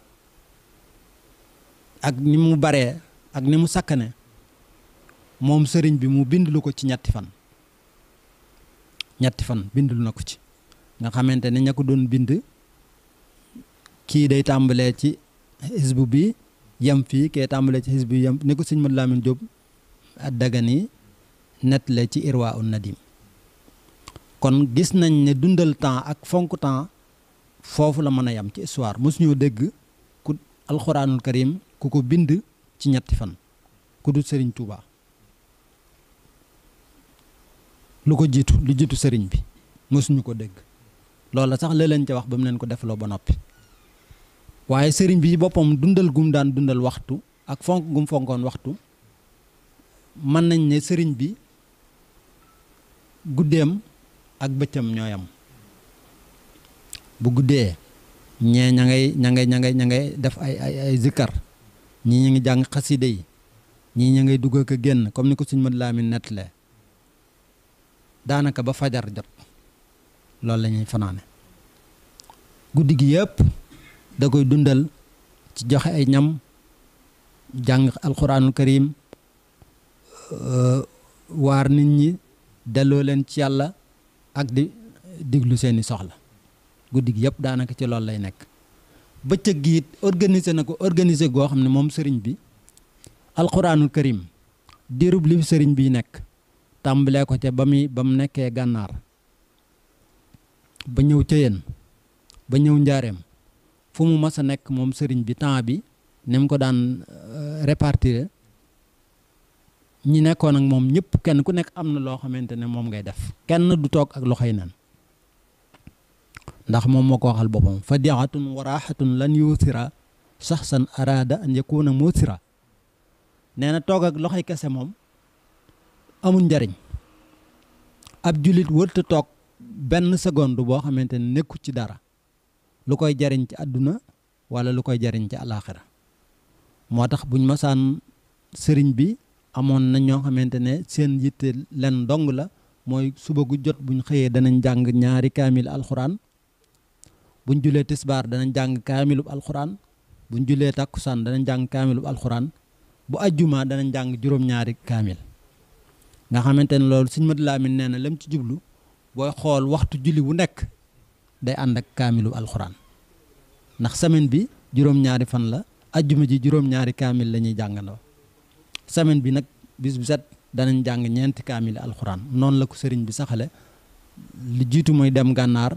ak ni mu baree ak ni mu sakkane moom sëriñ bi mu bind lu ko ci ñetti fan ñetti fan bind lu na ko ci nga xamante ne ña ko doon bind kii day tàmbalee ci isbu bi yem fii kee tàmbalee ci xisbu yam ne ko sëñ Mad Lamin Jóob ak Dagana nettale ci Irwa un Nadim kon gis nañ ne dundal temps ak fonk temps foofu la mën a yem ci histoire mosuñoo dégg ku alxuraanul karim ku ko bind ci ñetti fan ku sëriñ Touba lu ko jiitu lu jiitu sëriñ bi mosuñu ko dégg loola sax la leen ca wax ba mu leen ko defloo ba noppi waaye sëriñ bi boppam dundal gum daan dundal waxtu ak fonk gum fonkoon waxtu mën nañ ne sëriñ bi guddeem ak bëccam ñooyam bu guddee ñee ña ngay ña ngay def ay ay ay zikkar ñii ñu ngi jàng xaside yi ñii ñu ngay dugg ak a génn comme ni ko suñ mën laa mi nettalee daanaka ba fajar jot loolu lañuy fanaane guddi gi yëpp da koy dundal ci joxe ay ñam jàng alxuraanul karim euh, waar nit ñi delloo leen ci yàlla ak di diglu seeni soxla guddi gi yëpp daanaka ci loolu lay nekk bëccëg gi it organiser na ko organiser goo xam ne moom sëriñ bi alxuraanul karim diirub li sëriñ bi nekk tàmbalee ko ca ba muy ba mu nekkee gànnaar ba ñëw cëyeen ba ñëw njaareem fu mu mas a nekk moom sëriñ bi temps bi ni mu ko daan euh, répartir ñi nekkoon ak moom ñëpp kenn ku nekk am na loo xamante ne moom ngay def kenn du toog ak loxoy nan ndax moom moo ko waxal boppam fa fadiatun waraaxatun lan yuusira saxsan araada an yakuna muusira nee na toog ak loxoy kese moom amul njariñ ab jullit wërta toog benn seconde boo xamante ne nekku ci dara lu koy jariñ ci àdduna wala lu koy jariñ ci alaaxira moo tax buñ masaan sëriñ bi amoon na ñoo xamante ne seen yitte len dong la mooy suba gu jot buñ xëyee danañ jàng ñaari kaamil alxuraan buñ julee tisbaar danañ jàng kaamilub alxuraan buñ julee tàkkusaan danañ jàng kaamilub alxuraan bu ajjuma danañ jàng juróom-ñaari kaamil nga xamante ne loolu suñ mat laamin nee na lam ci jublu booy xool waxtu julli wu nekk day ànd ak kaamilu alxuraan ndax semaine bi juróom-ñaari fan la ajjuma ji juróom-ñaari kaamil la ñuy jàngandoo semaine bi nag bis bu set danañ jàng ñeenti kaamil alxuraan noonu la ko sëriñ bi saxale li jiitu mooy dem gànnaar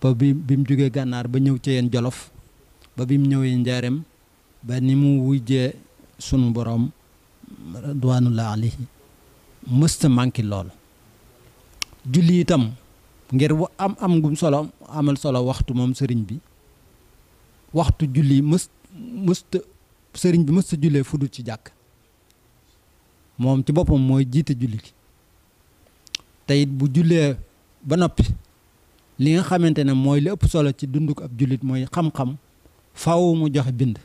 ba bi bi mu jógee gànnaar ba ñëw ci yeen jolof ba bi mu ñëwee njaareem ba ni mu wujjee sunu boroom ridwaanullah alayhi mësta manqué lool julli itam ngir am am gum solo amal solo waxtu moom sëriñ bi waxtu julli mës mësta sëriñ bi mësta jullee fu ci jàkk moom ci boppam mooy jiite julli gi te bu jullee ba noppi li nga xamante ne mooy li ëpp solo ci dunduk ab jullit mooy xam-xam faaw mu joxe bind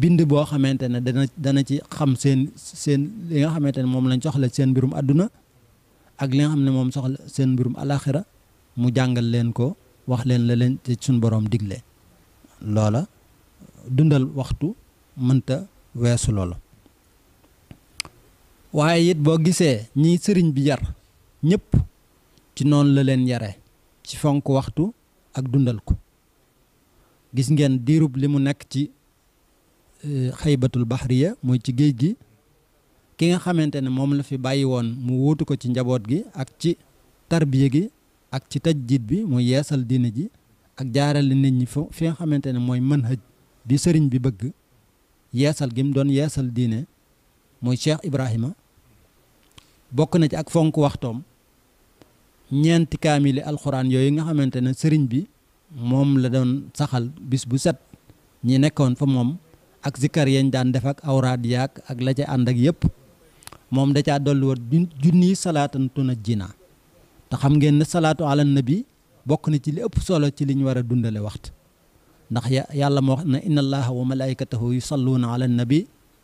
bind boo xamante ne dana dana ci xam seen seen li nga xamante ne moom lañ soxla seen mbirum àdduna ak li nga xam ne moom soxla seen mbirum alaxira mu jàngal leen ko wax leen la leen ci suñ boroom digle loola dundal waxtu mënta weesu lolo waaye it boo gisee ñi sëriñ bi yar ñépp ci noonu la leen yare ci fonk waxtu ak dundal ko gis ngeen diirub li mu nekk ci eh, xaybatul baxriya mooy ci géej gi ki nga xamante ne moom la fi bàyyi woon mu wuutu ko ci njaboot gi ak ci tarbiya gi ak ci tajdiid bi mu yeesal diine ji ak jaarale nit ñi fa fi nga xamante ne mooy manhaj bi sëriñ bi bëgg yeesal gi doon yeesal diine muy Cheikh Ibrahima bokk na ci ak fonk waxtoom ñeenti kaamili alxuraan yooyu nga xamante ne sëriñ bi moom la doon saxal bis bu set ñi nekkoon fa moom ak zikkar yañ daan def ak awraad yaak ak la ca ànd ak yëpp moom da caa dolli woon junni salaatan tunajjinaa te xam ngeen ne salaatu ala nabi bokk na ci li ëpp solo ci li ñu war a dundale waxtu ndax yàlla moo wax ne inna allaha wa malaikatahu yusalluuna ala nabi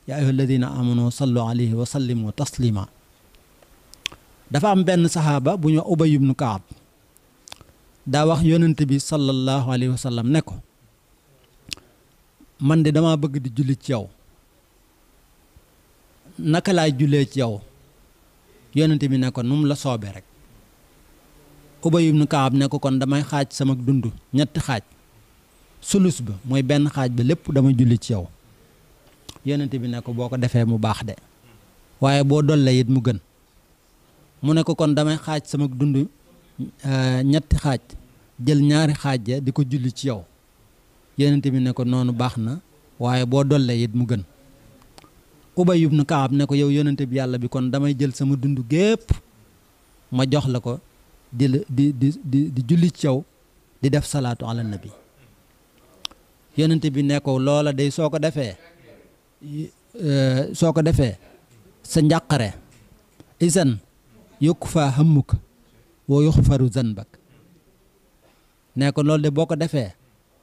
ya ayyuha alladina amanu sallu alayhi wa sallimu dafa am benn saxaaba bu ñu ubay ibnu kaab daa wax yonent bi sallallahu alayhi wa sallam ne ko man de damaa bëgg di julli ci yow naka laay jullee ci yow yonent bi ne ko nu mu la soobee rek Ubay ibnu Kaab ne ko kon damay xaaj sama dund ñetti xaaj sulus ba mooy benn xaaj ba lépp dama julli ci yow yonent bi ne ko boo ko defee mu baax de waaye boo dollee it mu gën mu ne ko kon damay xaaj sama dund eh, ñetti xaaj jël ñaari xaaj ya di ko julli ci yow yonent bi ne ko noonu baax na waaye boo dollee it mu gën Ubay ibn Kaab ne ko yow yonente bi yàlla bi kon damay jël sama dund gépp ma jox la ko di di di di di julli yow di def salaatu ala bi yonente bi ne ko loola day soo ko defee soo ko defee sa njàqare isan yokku faa xammuk woo yoxu faru zanbak ne ko loolu de boo ko defee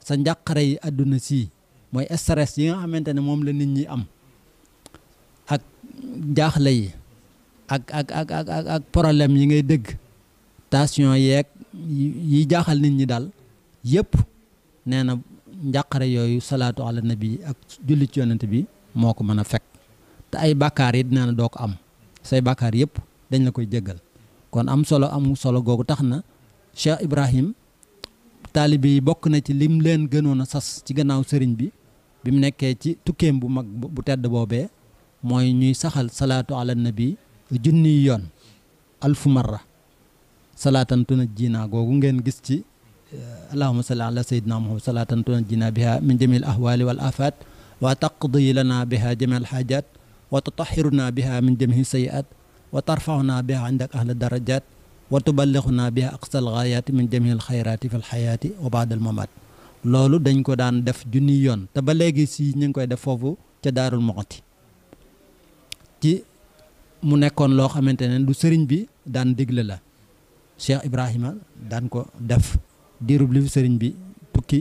sa njàqare yi àdduna sii mooy stress yi nga xamante ne moom la nit ñi am jaaxle yi ak ak ak ak ak yi ngay dëgg tension yeek yi jaaxal nit ñi daal yépp nee na njàqare yooyu salaatu ala nabi ak julli ci yonent bi moo ko mën a fekk te ay bàkkaar yi nee doo ko am say bàkkaar yëpp dañ la koy jéggal am solo am solo googu tax na Cheikh Ibrahim taalibe yi bokk na ci lim leen gënoon a sas ci gannaaw sëriñ bi bi mu nekkee ci tukkeem bu mag bu tedd boobee mooy ñuy saxal salaatu ala nabi junniy yoon alfu marra salaatan tuna jiinaa googu ngeen gis ci eh, allahuma salli ala sayyidina muhammad salaatan tuna jiinaa biha min jamil ahwaali wal afaat wa taqdi lana biha jamil xaajaat wa tutahiruna biha min jamihi sayiat wa tarfauna biha indak ahla darajat wa tuballighuna biha aqsal gaayaati min jamil xayraati fi lxayaati wa baadal mamaat loolu dañ ko daan def junniy yoon te ba léegi si ñu ngi koy def foofu ca daarul moxoti ci mu nekkoon loo xamante ne du sëriñ bi daan digle la Cheikh Ibrahima daan ko def diirub li sëriñ bi tukki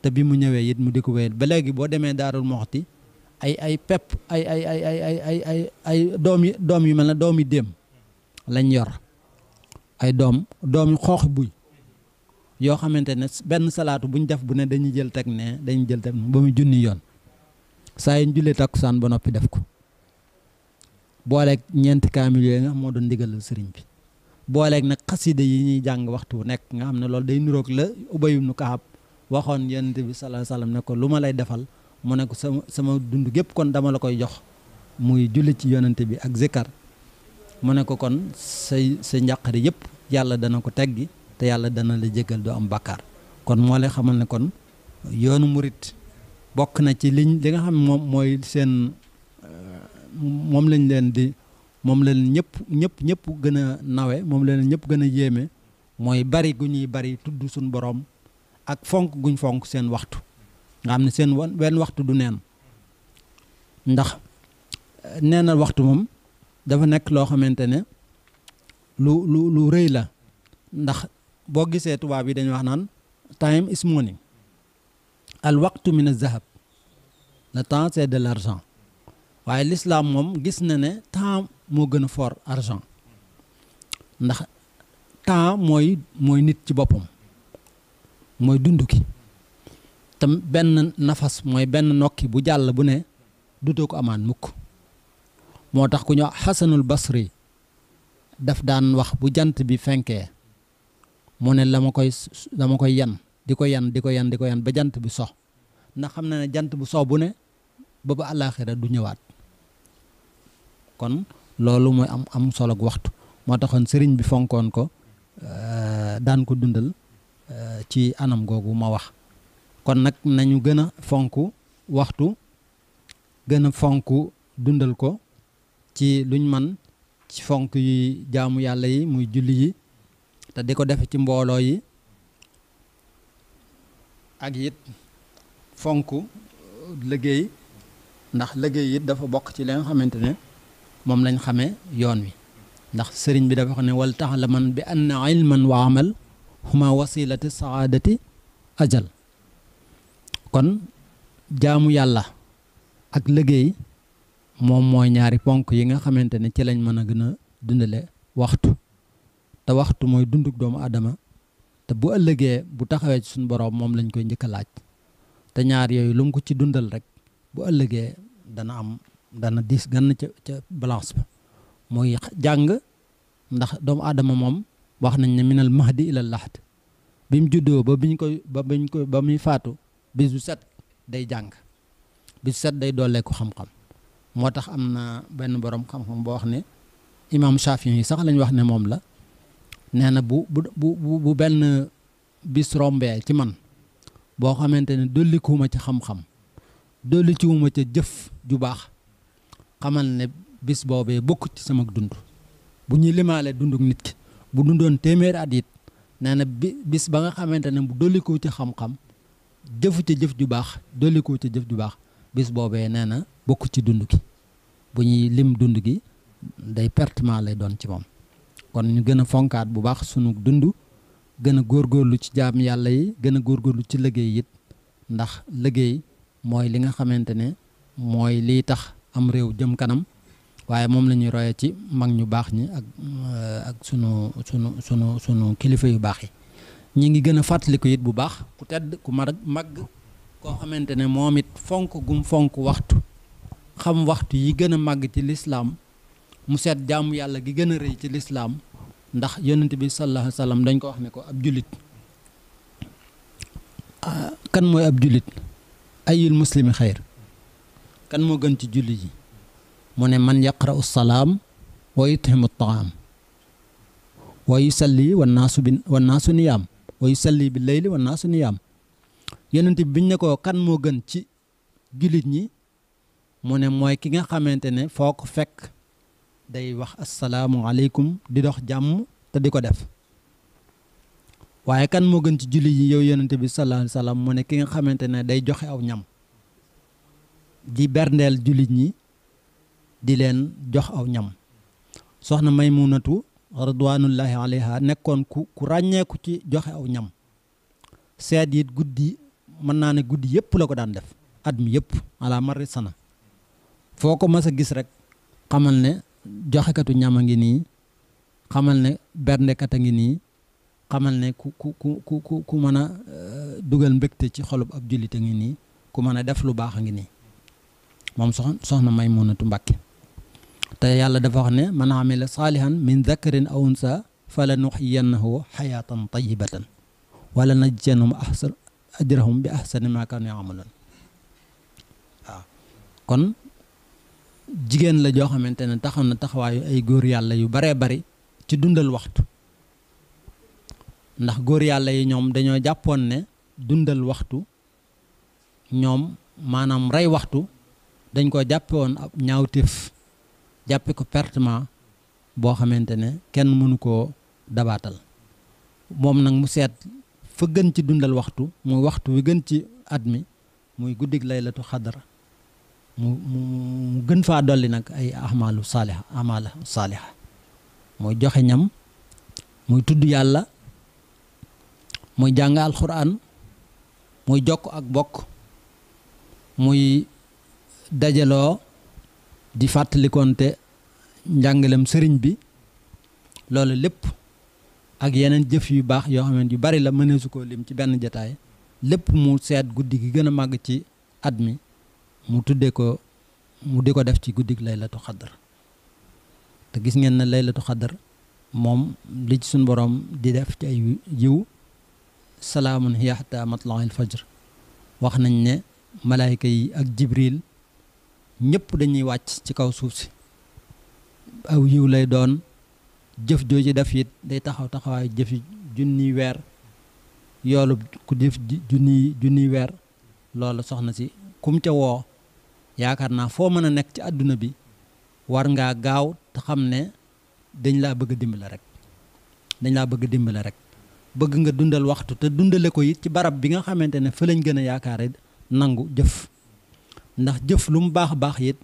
te bi mu ñëwee it mu di ko wéyal ba léegi boo demee Daarul Moxti ay ay pepp ay ay ay ay doom yi doom yu mel ne doom yi déem lañ yor ay doom doom yu xoox buy yoo xamante ne benn salaatu buñ def bu ne dañuy jël teg ne dañuy jël teg ba mu junni yoon saa yu ñu jullee takkusaan ba noppi def ko booleeg ñeenti kaamil yooyu nga xam moo doon ndigalal sëriñ bi booleeg nag xasida yi ñuy jàng waxtu wu nekk nga xam ne loolu day niroog la Ubay nu Kaab waxoon yonent bi sallallahu alayhi wasallam ne ko lu ma lay defal mu ne ko sama sama dund gépp kon dama la koy jox muy julli ci yonent bi ak zikkar mu ne ko kon say sa njàqare yëpp yàlla dana ko teggi te yàlla dana la jégal du am bakkaar kon moo lay xamal ne kon yoonu murit bokk na ci liñ li nga xam moom mooy seen moom lañ leen di moom leen ñëpp ñëpp ñëpp gën a nawe moom leen ñëpp gën a yéeme mooy bari gu ñuy bari tudd suñu borom ak fonk guñ fonk seen waxtu nga xam ne seen wenn waxtu du neen ndax eh, nee na waxtu moom dafa nekk loo xamante ne lu lu lu rëy la ndax boo gisee tubaab yi dañuy wax naan time is money al waqtu min az zahab le temps c'est de l'argent waaye lislaam moom gis na ne temps moo gën a for argent ndax temps mooy mooy nit ci boppam mooy dund ki te benn nafas mooy benn nokki bu jàll bu ne dutoo ko amaan mukk moo tax ku ñu xasanul basri daf daan wax bu jant bi fenkee mu ne la ma koy dama koy yan di ko yan di ko yan di ba jant bi sox ndax xam na ne jant bu sox bu ne ba ba àllaaxira du ñëwaat kon loolu mooy am am solo waxtu moo taxoon sëriñ bi fonkoon ko euh, daan ko dundal euh, ci anam googu ma wax kon nag nañu gën a fonk waxtu gën fonk dundal ko ci luñ man ci fonk yi jaamu yàlla yi muy julli yi te di ko defe ci mbooloo yi ak yit fonk liggéey ndax liggéey yit dafa bokk ci li nga xamante ne moom lañ xamee yoon wi ndax sëriñ bi dafa wax ne wal man bi an anna ilman wa amal huma wasilati saadati ajal kon jaamu yàlla ak liggéey moom mooy ñaari ponk yi nga xamante ne ci lañ mën a gën a dundale waxtu te waxtu mooy dunduk doomu aadama te bu ëllëgee bu taxawee ci suñu boroom moom lañ koy njëkk a laaj te ñaar yooyu lu mu ko ci dundal rek bu ëllëgee dana am dana diis gann ca ca balance ba muy jàng ndax doomu aadama moom wax nañ ne minal mahdi ilal laxd bi mu juddoo ba biñ koy ba biñ koy ba muy faatu bis bu set day jàng bis bu set day dooleeku xam-xam moo tax am na benn borom xam-xam boo wax ne imaam Shaafi yi sax lañ wax ne moom la nee na bu bu bu bu benn bis rombee ci man boo xamante ne dollikuma ci xam-xam dolli ca jëf ju baax xamal ne bis boobee bokk ci sama dund bu ñuy limaale dund nit ki bu dundoon téeméer at it na bi bis ba nga xamante ne bu dolliku ci xam-xam jëfu ca jëf ju baax dolliku ca jëf ju baax bis boobee nee na bokk ci dund gi bu ñuy lim dund gi day pertement lay doon ci moom kon ñu gën a fonkaat bu baax sunu dund gën a góorgóorlu ci jaam yàlla yi gën a góorlu ci liggéey it ndax liggéey mooy li nga xamante ne mooy liy tax am réew jëm kanam waaye moom la ñuy royee ci mag ñu baax ñi ak euh, ak sunu sunu sunu sunu kilifa yu baax yi ñi ngi gën a fàttaliku it bu baax ku tedd ku mag màgg koo xamante ne moom it fonk gum fonk waxtu xam waxtu yi gën a màgg ci lislaam mu seet jàmm yàlla gi gën a rëy ci lislaam ndax yonent bi sallallahu alayhi dañ ko wax ne ko ab jullit ah, kan mooy ab jullit ayil muslimi xayr kan moo gën ci jullit yi mu ne man yaqra'u salaam wa yut'imu taam wa yusalli wa naasu bi wa niyaam wa yusalli bi layli wa naasu niyaam yonent bi biñ ne ko kan moo gën ci jullit ñi mu ne mooy ki nga xamante ne foo ko fekk day wax asalaamualeykum di dox jàmm te di ko def waaye kan moo gën ci jullit yi yow yonent bi sallallahu salaam wasallam mu ne ki nga xamante ne day joxe aw ñam di berndeel jullit ñi di leen jox aw ñam soxna may Maymunatu radwanullahi alayha nekkoon ku ku ràññeeku ci joxe aw ñam seet it guddi mën naa ne guddi yëpp la ko daan def at mi yëpp ala mari sana foo ko mas a gis rek xamal ne joxekatu ñam a ngi nii xamal ne berndekat a ngi nii xamal ne ku ku ku ku ku mën a euh, dugal mbégte ci xolub ak jullit a ngi nii ku mën a def lu baax a ngi nii moom soxna may Maymunatu Mbàkke te yàlla dafa wax ne man amila saalihan min zakarin aw unsa fala nuxyiyannahu xayaatan tayibatan wala najjanum ahsan ajrahum bi ahsani ma kaanu yaamaluun waaw kon jigéen la joo xamante ne taxaw na taxawaayu ay góor yàlla yu baree bari ci dundal waxtu ndax góor yàlla yi ñoom dañoo jàppoon ne dundal waxtu ñoom maanaam rey waxtu dañ koo jàppewoon ab ñaawteef jàppe ko pertement boo xamante ne kenn mënu koo dabaatal moom nag mu seet fa gën ci dundal waxtu muy waxtu wi gën ci at mi muy guddig laylatu xadara mu mu gën faa dolli nag ay ahmaalu saaliha amaala saaliha muy joxe ñam muy tudd yàlla muy jàng alxuraan muy jokk ak bokk muy dajaloo di fàttalikonte njàngalem sëriñ bi loolu lépp ak yeneen jëf yu baax yoo xamante yu bari la mëneesu koo lim ci benn jataay lépp mu seet guddi gi gën a màgg ci at mi mu tuddee ko mu di ko def ci guddi laylatu xaddar te gis ngeen ne laylatu xaddar moom li ci suñ boroom di def ci ay yiw salaamun hiya hatta matla'il fajr wax nañ ne malaayka yi ak jibril ñëpp dañuy wàcc ci kaw suuf si aw yiw lay doon jëf jooju def it day taxaw taxawaayu jëf junni weer yoolu ku jëf junni junniy weer loolu soxna si kum ca woo yaakaar naa foo mën a nekk ci àdduna bi war ngaa gaaw te xam ne dañ laa bëgg a dimbale rek dañ laa bëgg a dimbale rek bëgg nga dundal waxtu te dundale ko it ci barab bi nga xamante ne fa lañ gën a yaakaare nangu jëf ndax jëf lu mu baax a baax it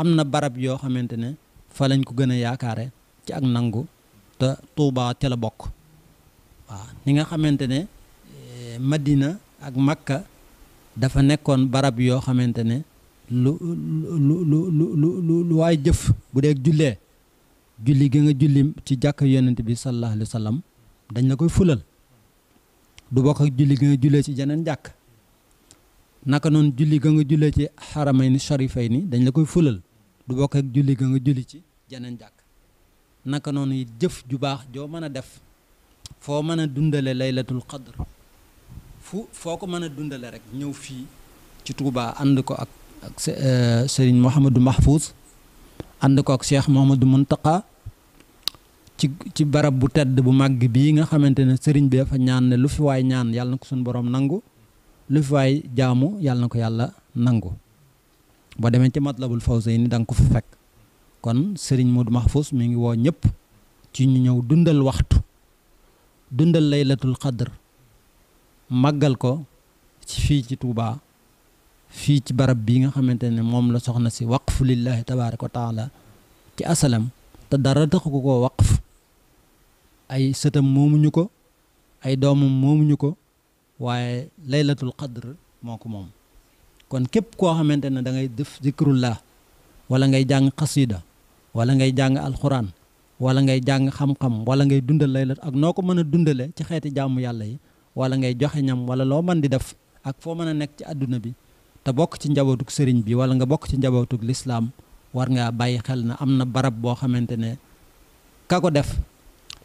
am na barab yoo xamante ne fa lañ ko gën a yaakaare ci ak nangu te Touba ca la bokk waaw ni nga xamante ne eh, Madina ak Makka dafa nekkoon barab yoo xamante ne lu lu lu lu lu waay jëf bu dee jullee julli gi nga julli ci jàkk yonent bi sallallahu alayhi wa sallam dañ la koy fulal du bokk ak julli gi nga jullee ci jeneen jàkk naka noonu julli ga nga jullee ci xaramay ni sharifay ni dañ la koy fulal du bokk ak julli ga nga julli ci jeneen jàkk naka noonu it jëf ju baax joo mën a def foo mën a dundale laylatul qadr fu foo ko mën a dundale rek ñëw fii ci Touba ànd ko ak ak sëriñ euh, Mouhamadou Mahfouz ànd ko ak Cheikh Mouhamadou Mountakha ci ci barab bu tedd bu màgg bii nga xamante ne sëriñ bi dafa ñaan lu fi waay ñaan yàlla na ko suñu borom nangu lu fi waay jaamu yàlla na ko yàlla nangu boo demee ci matlabul fawzayni da nga ko fa fekk kon sëriñ Modou Mahfous mi ngi woo ñépp ci ñu ñëw dundal waxtu dundal laylatul qadr màggal ko ci fii ci tuubaa fii ci barab bi nga xamante ne moom la soxna si waqfu lillahi tabaaraka wa taala ci asalam te dara taxu ko koo ay sëtam moomuñu ko ay doomam moomuñu ko waaye laylatul qadr moo ko moom kon képp koo xamante ne da ngay def zikrullah wala ngay jàng xasida wala ngay jàng alxuraan wala ngay jàng xam-xam wala ngay dundal laylat ak noo ko mën a dundale ci xeeti jàmm yàlla yi wala ngay joxe ñam wala loo man di def ak foo mën a nekk ci àdduna bi te bokk ci njabootug sëriñ bi wala nga bokk ci njabootug lislaam war ngaa bàyyi xel na am na barab boo xamante ne ka ko def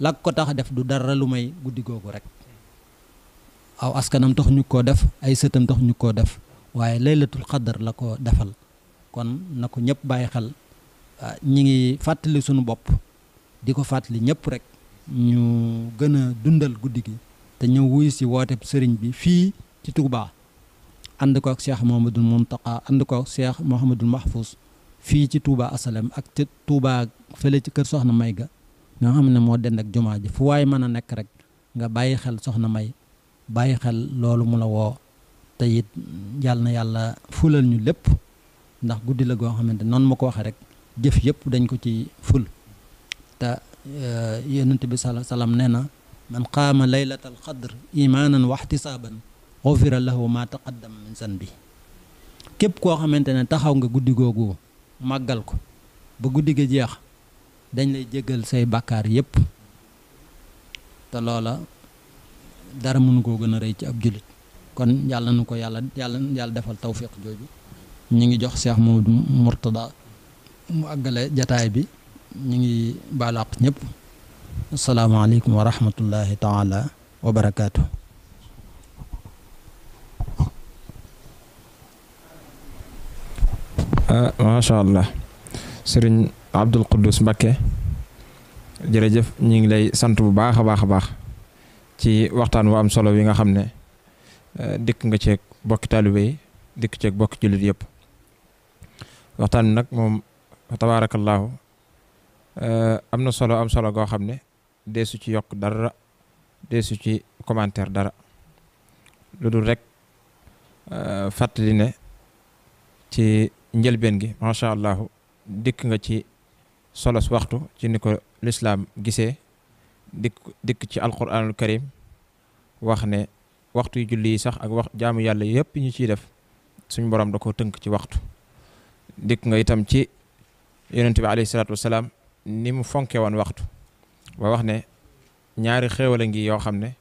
la ko tax def du dara lu may guddi googu rek aw askanam tax ñu koo def ay sëtam tax ñu koo def waaye laylatul xadar la ko defal kon na ko ñëpp bàyyi xel ah, ñi ngi fàttali sunu bopp di ko fàttali ñëpp rek ñu gën a dundal guddi gi te ñëw wuyu si woote sëriñ bi fii ci Touba ànd ko ak Cheikh Mouhamadul Mountakha ànd ko ak Cheikh Mouhamadul Mahfouz fii ci tuubaa Asalaam ak tuubaa Touba fële ci kër Soxna May ga nga xam ne moo dend ak jumaa ji fu waay mën a nekk rek nga bàyyi xel Soxna May bàyyi xel loolu mu la woo te it yàll na yàlla fulal ñu lépp ndax guddi la goo xamante noonu ma ko waxee rek jëf yëpp dañ ko ci ful te euh, yonent bi sala salaam nee na man qaama laylatal qadr imaanan wa ihtisaaban xufira lahu ma taqaddama min bi képp koo xamante ne taxaw nga guddi googu màggal ko ba guddi ga jeex dañ lay jéggal say bàkkaar yëpp te loola dara mënu koo gën a rëy ci ab jullit kon yàlla na ko yàlla yàlla yàlla defal tawfiq jooju ñu ngi jox Cheikh Mamadou Mourtada mu àggale jataay bi ñu ngi baalaq ñëpp asalaamaaleykum wa rahmatullahi taala wa barakaatu. ah macha allah sëriñ Abdul Quddus Mbakke jërëjëf ñu ngi lay sant bu baax a baax a baax. ci waxtaan wu am solo wi nga xam ne eh, dikk nga ceeg bokki taalibe dikk ceeg bokki jullit yëpp waxtaan bi nag moom tabaarakallaahu eh, am na solo am solo goo xam ne deesu ci yokk dara deesu ci commentaire dara lu dul rek eh, fàttali ne ci njëlbeen gi macha allah dikk nga ci solos waxtu ci ni ko lislaam gisee dikk dikk ci alquranul karim wax ne waxtu yu julli yi sax ak wax jaamu yàlla yëpp ñu ciy def suñu borom da ko tënk ci waxtu dikk nga itam ci yonent bi alayhi salaam wasalaam ni mu fonke woon waxtu ba wax ne ñaari xéewal ngi yoo xam ne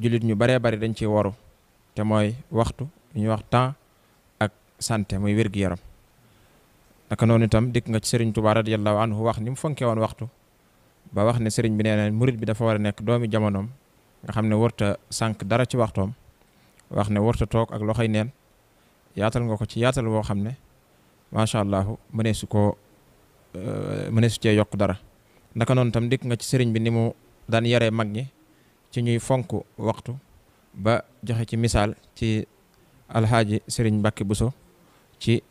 jullit ñu baree bari dañ ci waru te mooy waxtu ñu wax temps ak santé muy wér yaram naka noonu itam dikk nga ci Sëriñ Tuubaa radiyallahu anhu wax ni mu fonke woon waxtu ba wax ne sëriñ bi nee na murit bi dafa war a nekk doomi jamonoom nga xam ne warta sànq dara ci waxtoom wax ne warta toog ak loxoy neen yaatal nga ko ci yaatal woo xam ne macha allah mëneesu koo euh, mëneesu cee yokk dara naka noonu tam dikk nga ci sëriñ bi ni mu daan yare mag ñi ci ñuy fonk waxtu ba joxe ci misaal ci alxaaji sëriñ Mbàkke Buso ci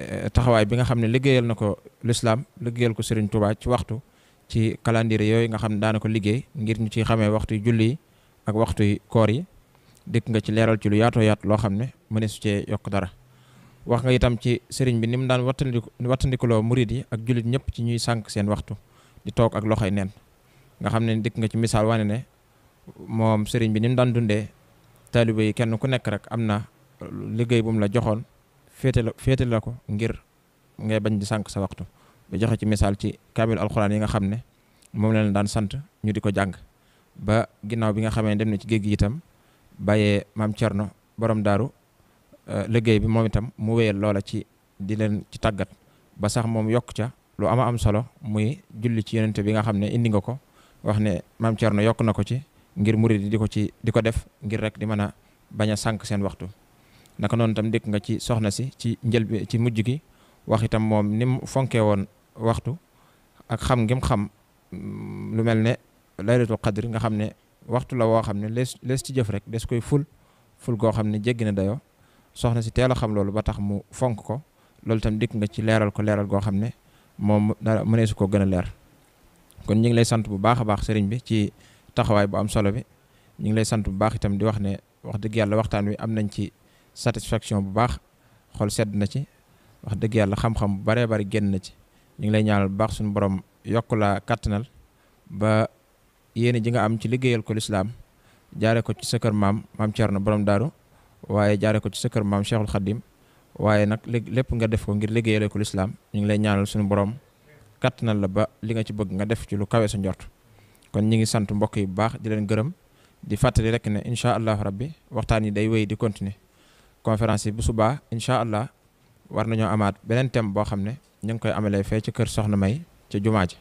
euh, taxawaay bi nga xam ne liggéeyal na ko lislaam liggéeyal ko sëriñ Tuubaa ci waxtu ci calendrier yooyu nga xam ne daana ko liggéey ngir ñu ci xamee waxtu julli ak waxtu koor yi dikk nga ci leeral ci lu yaato yaat loo xam ne mëne su cee yokk dara wax nga itam ci sëriñ bi ni mu daan wattandiku wattandikuloo murid yi ak jullit ñëpp ci ñuy sànq seen waxtu di toog ak loxoy neen nga xam ne dikk nga ci misaal wane ne moom sëriñ bi ni mu daan dundee taalibe yi kenn ku nekk rek am na liggéey bu la joxoon féete la ko ngir ngay bañ di sànq sa waxtu ba joxe ci misaal ci kamil alxuraan yi nga xam ne moom leen daan sant ñu di ko jàng ba ginnaaw bi nga xamee dem na ci géej gi itam bàyyee maam Cerno borom daaru euh, liggéey bi moom itam mu wéyal loola ci di leen ci tàggat ba sax moom yokk ca lu ama am solo muy julli ci yonente bi nga xam ne indi nga ko wax ne maam Cerno yokk na ko ci ngir murid di ko ci di ko def ngir rek di mën a bañ a sànq seen waxtu naka noonu tam dikk nga ci soxna si ci njël ci mujj gi wax itam moom ni mu fonkee woon waxtu ak xam ngim xam mm, lu mel ne laylatul qadr nga xam ne waxtu la woo xam ne lees lees ci jëf rek des koy ful ful goo xam ne jéggi na dayo soxna si teel xam loolu ba tax mu fonk ko loolu tam dikk nga ci leeral ko leeral goo xam ne moom dara mëneesu koo ko gën a leer kon ñu ngi lay sant bu baax a baax sëriñ bi ci taxawaay bu am solo bi ñu ngi lay sant bu baax itam di wax ne wax dëgg yàlla waxtaan wi am nañ ci satisfaction bu baax xol sedd na ci wax dëgg yàlla xam-xam bu bare bari génn na ci ñu ngi lay ñaanal bu baax suñu borom yokk laa kàttanal ba yéene ji nga am ci liggéeyal ko lislaam jaare ko ci sa kër maam maam na borom daaru waaye jaare ko ci sa kër maam Cheikhul Khadim waaye nag lépp nga def ko ngir liggéeyale ko lislaam ñu ngi lay ñaanal suñu borom kàttanal la ba li nga ci bëgg nga def ci lu kawe sa njort kon ñi ngi sant mbokk yi bu baax di leen gërëm di fàttali rek ne incha allah rabbi waxtaan yi day wéy di continuer war nañoo amaat beneen thème boo xam ne ñu ngi koy amalee fee ci kër Soxna May ci jumaa ji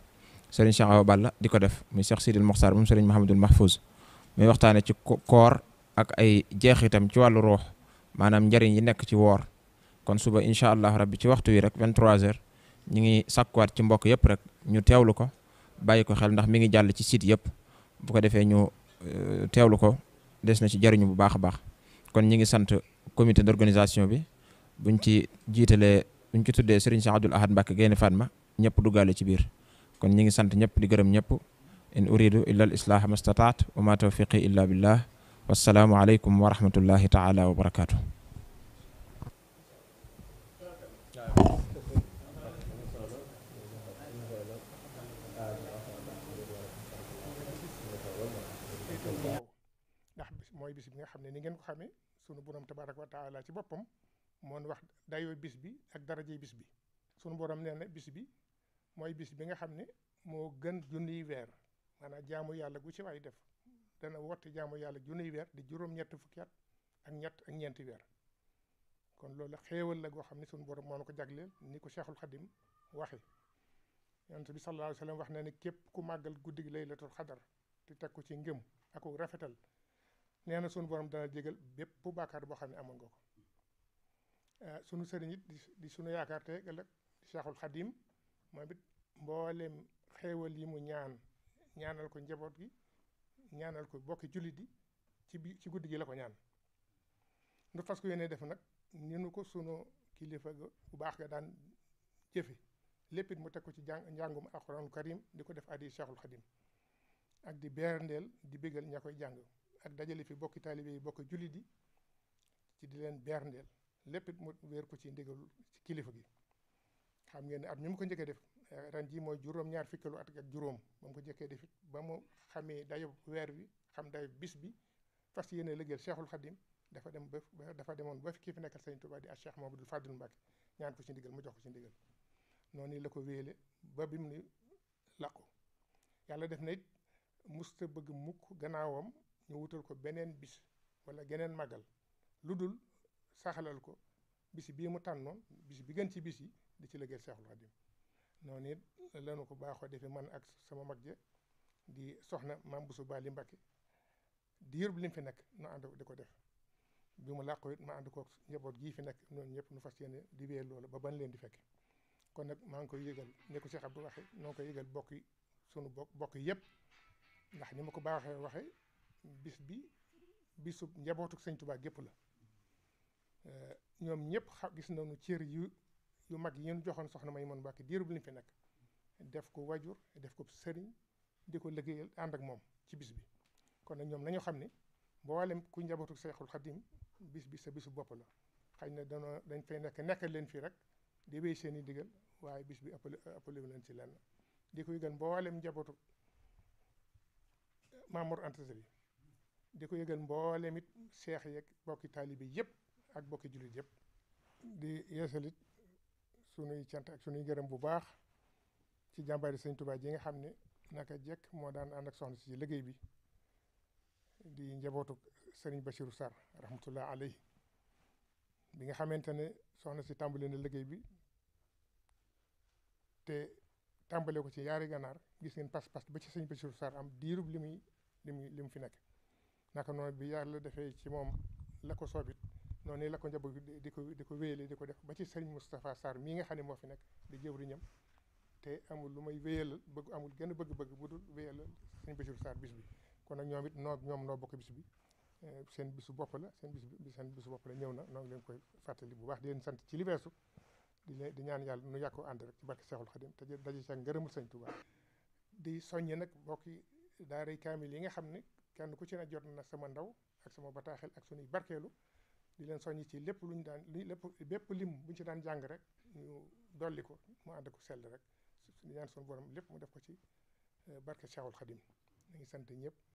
sëriñ Cheikh Awa Balla di ko def muy Cheikh Sidil Moxtar moom sëriñ Mahamadul Mahfouz muy waxtaane ci koor ak ay jeexitam ci wàllu ruux maanaam njëriñ yi nekk ci woor kon suba incha allah rabbi ci waxtu wi rek 23h ñu ngi sakkuwaat ci mbokk yëpp rek ñu teewlu ko bàyyi ko xel ndax mi ngi jàll ci site yëpp bu ko defee ñu euh, teewlu ko des na ci jëriñu bu baax a baax kon ñi ngi sant comité d'organisation bi buñ ci jiitalee buñ ci tuddee Serigne Cheikh Abdoul Ahad ci biir kon ñi ngi sant ñëpp di gërëm ñëpp in uridu illa al islaah mastataat wa ma tawfiqi illa billah wassalaamu aleykum wa rahmatullahi taala wa barakatuh mooy bis bi nga xam ne ni sunu borom ci boppam moon wax dayoo bis bi ak daraje bis bi sunu borom nee na bis bi mooy bis bi nga xam ni moo gën junniy weer maanaa jaamu yàlla gu ci waay def dana wotti jaamu yàlla junniy weer di juróom-ñett fukki ak ñett ak ñeenti weer kon loolu xéewal la goo xam ne sunu borom moo na ko jagleel ni ko Cheikhul Khadim waxe yonent bi sallallahu alayhi wa wax na ne képp ku màggal guddi gi laylatul xadar te teg ko ci ngëm ak rafetal nee na sunu borom dana jégal bépp bàkkaar boo xam ne amoon nga ko. Eh, sunu sëriñ it di di sunu yaakaar te ëllëg Cheikhul Khadim moom mboolem xéewal yi mu ñaan ñaanal ko njaboot gi ñaanal ko bokki jullit yi ci bi ci guddi gi la ko ñaan nu fas ko yéene def nag ni nu ko sunu kilifa ga bu baax ga daan jëfe lépp it mu teg ko ci jàng njàngum alxuraanul di ko def addi Cheikhul ak di berndeel di bégal ña koy jàng ak dajale fi bokki taalibe yi bokki jullit yi ci di leen berndeel lépp it mu weer ko ci ndigal ci kilifa gi xam ngeen ne at mi mu ko njëkkee def eh, ren jii mooy juróom-ñaar fukkeelu at ak juróom ba mu ko njëkkee def it ba mu xamee dayo weer bi xam dayo bis bi fas yéene liggéeyal Cheikhul Khadim dafa dem ba dafa demoon ba kii fi nekkal Sëriñ Tuubaa di ak Cheikh Mamadou Fadil Mbacke ñaan ko ci ndigal mu jox ko ci ndigal noonu la ko wéyale ba bi mu ni làqu yàlla def na it mus musta bëgg mukk gannaawam ñu wutal ko beneen bis wala geneen màggal saxalal ko bis bii mu tànn noon bis bi gën ci bisi di ci la liggéeyal Seexul Xadim noonu it lanu ko baaxoo defee man ak sama mag ja di soxna maam Bousso Bali Mbacké di yërb lim fi nekk nu ànd ko def bi mu làqoo it ma ànd ko fi nekk noonu ñëpp nu fas yéene di wéyal loola ba ban leen di fekke kon nag maa ngi koy yëgal nekku ko Cheikh Abdou waxe noo ngi koy yëgal bokk yi sunu bokk bokk yëpp ndax ni ma ko baaxee waxe bis bi bisub njabootu sëñ Tuubaa gépp la Eh, ñoom ñëpp xa gis na nañu cër yu yu mag yi ñu joxoon soxna Maimouna Mbacké diiru bu ñu fi nekk def ko wajur def ko sëriñ di ko liggéeyal ànd ak moom ci bis bi kon nag ñoom nañu xam ne mboolem ku njabootu Seexul Xadim bis bi sa bisu bopp la xëy na danoo dañ fay nekk nekkal leen fii rek di wéy seen i digal waaye bis bi appelé appelé wu leen ci lenn di ko yëgal mboolem njabootu eh, Mamour Anta bi di ko yëgal mboolem it seex yeeg bokki taalibe yëpp. ak bokki jullit yëpp di yeesalit sunuy cant ak gërëm bu baax ci jàmbaari sëñ Tuubaa ji nga xam ni naka jekk moo daan ànd ak soxna si ci liggéey bi di njabootu sëriñ Bachirou Sarr rahmatullah alayhi bi nga xamante ne soxna si tàmbali na liggéey bi te tàmbale ko ci yaari ganaar gis ngeen pas-pas ba ci sëñ Bachirou Sarr am diirub li muy li li mu fi nekk naka noonu bi yàlla defee ci moom la ko soobit noonu la ko njaboot di ko di ko wéyale di ko def ba ci sëriñ Moustapha Sarr mii nga xam ne moo fi nekk di jëwriñam te amul lu may wéyalal bëgg amul genn bëgg-bëgg bu dul wéyalal sëriñ Bachir Sarr bis bi kon nag ñoom it noo ñoom noo bokk bis bi eh, seen bisu bopp la seen bis bi seen bisu bopp la ñëw na noo ngi leen koy fàttali bu baax di sant ci li weesu di di ñaan yàlla nu yàkko ànd rek ci barke Seexul Xadim te daje ca ngërëmul sëñ Tuubaa di soññe nag bokki daaray kaamil yi nga xam ni kenn ku ci ne jot na sama ndaw ak sama bataaxel ak suñuy barkeelu di leen soññi ci lépp lu daan daan lépp bépp lim bu ñu ci daan jàng rek ñu dolli ko mu ànd ko sell rek ñaan suñu borom lépp mu def ko ci eh, barke Cheikhul Khadim ñu ngi sant ñëpp.